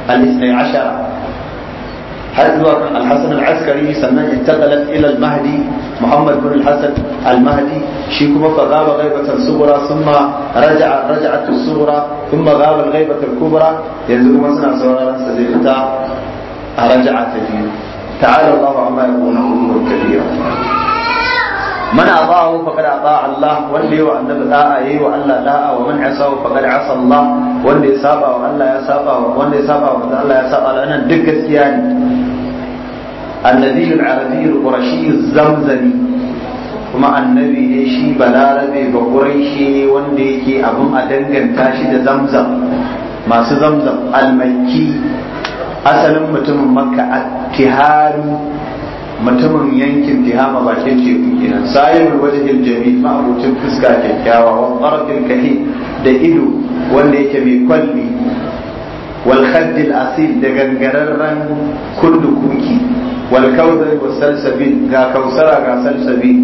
Speaker 1: al isnai ashara har zuwa kan alhassan al'askari sannan intakalat ila al-mahdi muhammad bin al-hassan al-mahdi shi kuma fa gaba ghaibatan sugura summa raja'a raja'at sugura thumma gaba ghaibata kubra yanzu kuma suna sauraron sa zai fita a raja'a ta biyu ta'ala Allah amma yakuna umrun kabira من أطاعه فقد أطاع الله واللي وأن بداء أيه وأن لا ومن عصاه فقد عصى الله واللي سابه وأن لا يسابه واللي سابه وأن لا يسابه لأن الدقة يعني النبي al القرشي الزمزمي kuma annabi ne shi balarabe ba quraishi ne wanda yake abin a danganta shi da zamzam masu zamzam al asalin mutumin makka a tihari mutumin yankin tihama bakin teku kenan da wajen jami ma'abucin fuska kyakkyawa wa tsarafin kahi da ido wanda yake mai kwalli wal khaddil asil da gangararren kundukuki wal kawdar wa salsabil ga kausara ga salsabil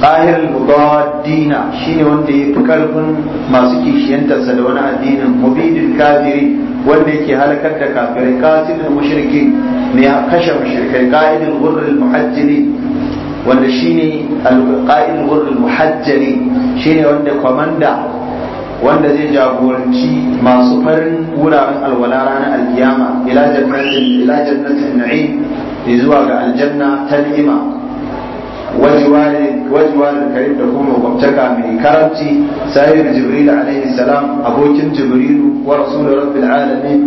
Speaker 1: qahir al mudaddina shine wanda ya fi karfin masu kishiyantarsa da wani addinin mubidil kafiri wanda yake halakar da kafirai qatilul mushrikin ne ya kashe mushrikai qa'idul ghurril muhajjiri wanda shine alqa'idul ghurril muhajjiri shine wanda komanda wanda zai jagoranci masu farin wuraren alwala ranar alkiyama ila jannatin ila jannatin na'im zuwa ga aljanna ta ni'ima wajiwarin karim da kuma gwamtaka mai karamci sahib jibril alaihi salam abokin jibrilu wa rasulun rabbil alamin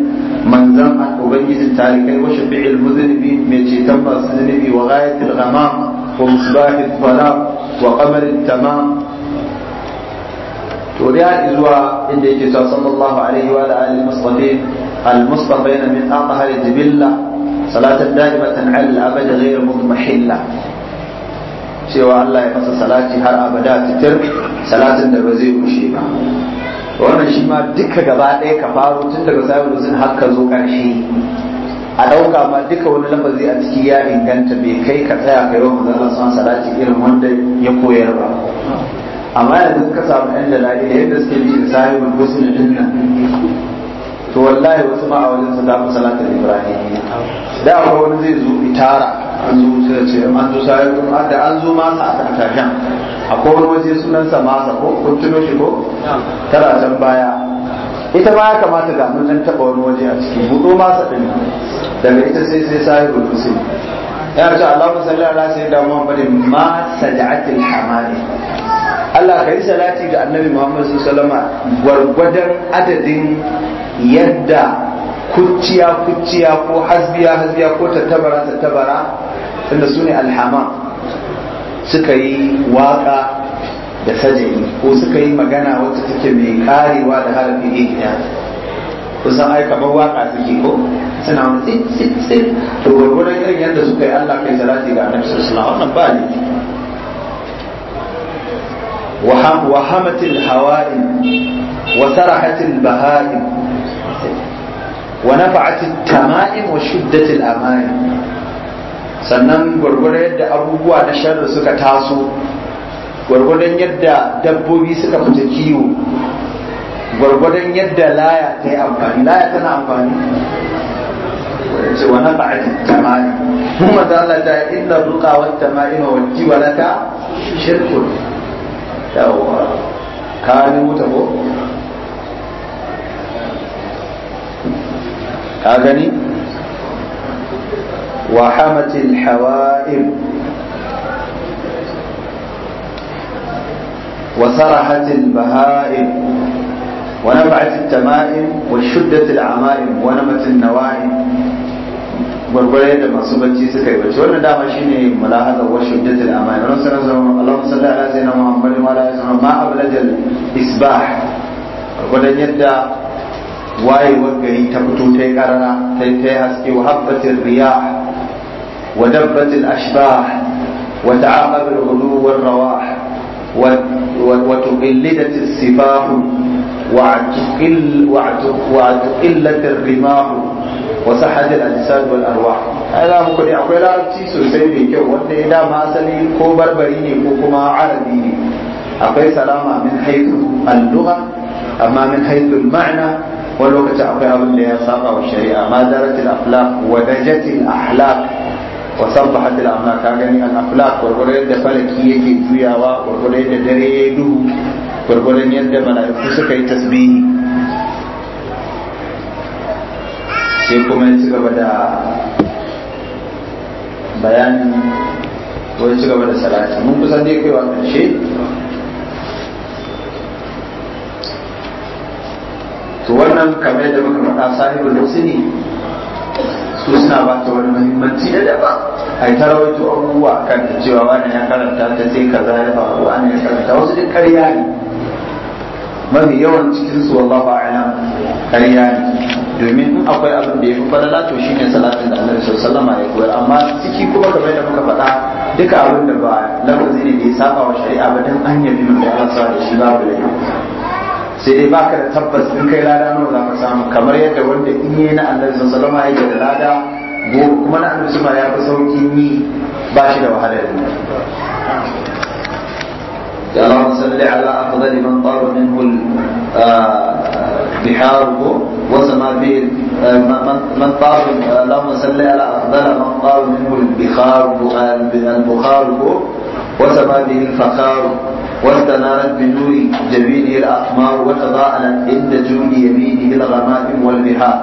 Speaker 1: manzan an ubangijin tarikai wa shafi'il muzunibi mai ceton masu zunubi wa ghayatul ghamam wa musbahin fara wa qamarin tamam to da zuwa inda yake cewa sallallahu alaihi wa alihi masallin al-mustafa min aqhar jibilla صلاة دائمة على الأبد غير مضمحلة cewa Allah ya fasa salati har abada fitar salatin da ba zai ba wannan shi ma duka gaba ɗaya ka faro tun daga samun rusin har ka zo ƙarshe a ɗauka ma duka wani lafazi a ciki ya inganta bai kai ka tsaya kai wa manzon son salati irin wanda ya koyar ba amma yanzu ka samu ɗan da yadda suke bi da sahibul husn din nan to wallahi wasu ma a wajen su dafa salatar ibrahim da akwai wani zai zo itara an zo sai ce an zo sai kuma da an zo ma a aka tashan akwai wani waje sunan ma sa ko kun tuno shi ko tara can baya ita ba ya kamata ga mun dan taba wani waje a ciki budo masa din daga ita sai sai ku husain ya ce Allahu sallallahu alaihi wasallam Muhammad ma saja'atil hamali Allah ka yi salati ga annabi Muhammad sallallahu alaihi wasallam gwargwadon adadin yadda kuciya kuciya ko hasbiya hasbiya ko tattabara tattabara tunda su ne alhama suka yi waka da sajai ko suka yi magana wacce take mai karewa da harafin ikiya kusan ai kamar waka suke ko suna wani tsit tsit to gwargwadon irin yadda suka yi Allah kai salati ga annabi sallallahu alaihi wasallam ba ne وهمت wa وسرحت البهائم wa nafa'atit tama'im wa shiddatil amani sannan gwargwado yadda abubuwa na sharri suka taso gwargwadon yadda dabbobi suka fita kiwo gwargwadon yadda laya ta yi amfani laya tana amfani wa nafa'atit tama'im kuma da Allah ta inna ruqa wat tama'im wa jiwalata shirkun
Speaker 2: yawa ka
Speaker 1: ne wuta ko ka gani wa hamatil hawa'im wa sarahatil baha'im wa nab'atil tama'im wa shuddatil ama'im wa namatil nawa'im gwargware yadda masu bacci suka yi bacci wannan dama shine mulahazar wa shiddatul amani wannan sanar zama Allahumma salli ala sayyidina Muhammadin wa ala alihi wa ma ablajal isbah gwargwadon yadda wayewar gari ta fito ta yi karara ta yi haske wa habbatin riya wa dabbatin ashbah wa ta'amalar hudu wa rawa wa tuqillidatis sifahu وعتقلت الرماح وسحت الاجساد والارواح هذا muku dai akwai larabci sosai mai kyau wanda ya dama asali ko barbari ne ko kuma arabi ne akwai salama min haythu al-lugha amma min haythu al-ma'na wani lokacin akwai abin da ya saba wa shari'a ma daratil aflaq wa dajatil ahlaq wa sabbahat al ka gani al aflaq gurgurar yadda falaki yake juyawa gurgurar yadda dare ya duhu gurgurar yadda mala'iku suka yi tasbihi sai kuma ya ci gaba da bayanin ko ya ci gaba da salati mun kusan dai wa ƙarshe to wannan kamar da muka faɗa sahibu musini su suna ba ta wani muhimmanci da daba a yi to abubuwa kan ta cewa wani ya karanta ta sai kaza ya faru wani ya karanta wasu duk karya ne mafi yawan cikin su a a'lam karya ne domin in akwai abin da ya fi fadala to shine salatin da Annabi sallallahu alaihi ya koyar amma ciki kuma kamar da muka faɗa duka abin da ba lafazi ne da ya saba wa shari'a ba dan an yabi mun da Allah sa da shi babu laifi sai dai baka da tabbas in kai lada nawa za ka samu kamar yadda wanda in yi na annabi sallallahu alaihi wasallam yake da lada goma kuma na annabi sallallahu ya fi saukin yi ba shi da wahala da ya Allah salli ala afdali man tara minhu البحار وسمابيل من طار اللهم صل على افضل من طار منه البخار البخار وسمابيل الفخار واستنارت بنور جبينه الأقمار وتضاءلت عند جود يمينه الغمائم والبحار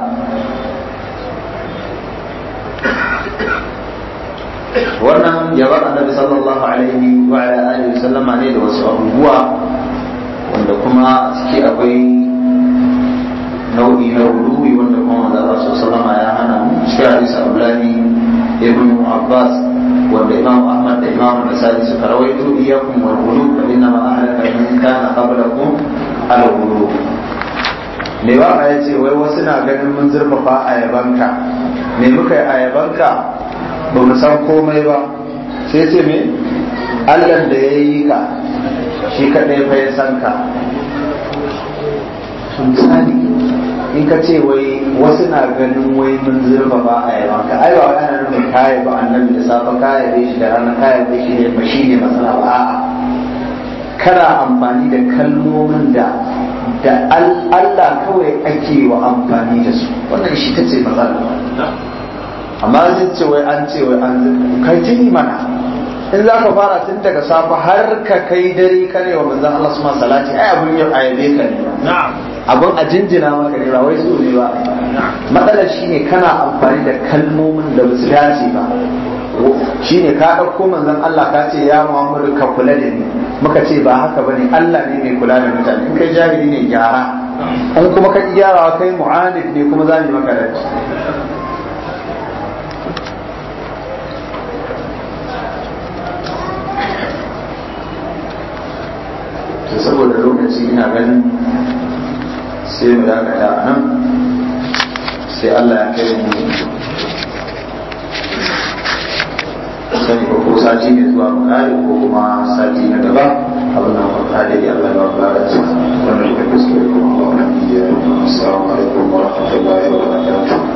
Speaker 2: wannan yabar annabi
Speaker 1: sallallahu alaihi wa ala alihi sallama ne da wasu abubuwa wanda kuma ciki akwai nau'i na rubuwi wanda kuma manzo Allah sallama ya hana mu cikin hadisi Abdullahi ibn Abbas wanda Imam Ahmad da Imam Nasa'i suka rawaito iyyakum wal ghulub fa inna ma ahlaka man kana qablakum al ghulub me ba a yace wai wasu na ganin mun zurfafa ayabanka me muka yi ayabanka ba mu san komai ba sai ce me Allah da ya yi ka shi kaɗai fa ya san ka misali in ka ce wai wasu na ganin wai mun zurfa ba a yi ka ai ba ana nufin kaya ba annabi da safa kaya da shi da rana kaya da shi ne yamma shi ne matsala ba a'a kana amfani da kalmomin da da Allah kawai ake wa amfani da su wannan shi ta ce matsala amma sun ce wai an ce wai an kai tun mana in za ka fara tun daga safa har ka kai dare karewa wa Allah su ma salati ai abun yau ayabe ka ne na'am abin a jinjina maka ne ba wai su ne ba matsalar shi ne kana amfani da kalmomin da ba su dace ba ne ka ɗauko manzon Allah ka ce ya Muhammadu ka kula da ni muka ce ba haka bane Allah ne mai kula da mutane in kai jahili ne gyara in kuma ka gyara kai mu'anif ne kuma za mu maka rashi saboda lokaci ina ganin sai mu dakata a nan sai Allah ya kai mu sani ko ko sati ne zuwa mu ko kuma sati na gaba abin da muka kare ya Allah ya ba da wannan
Speaker 2: da kuskure ko Allah ya assalamu alaikum wa rahmatullahi wa barakatuh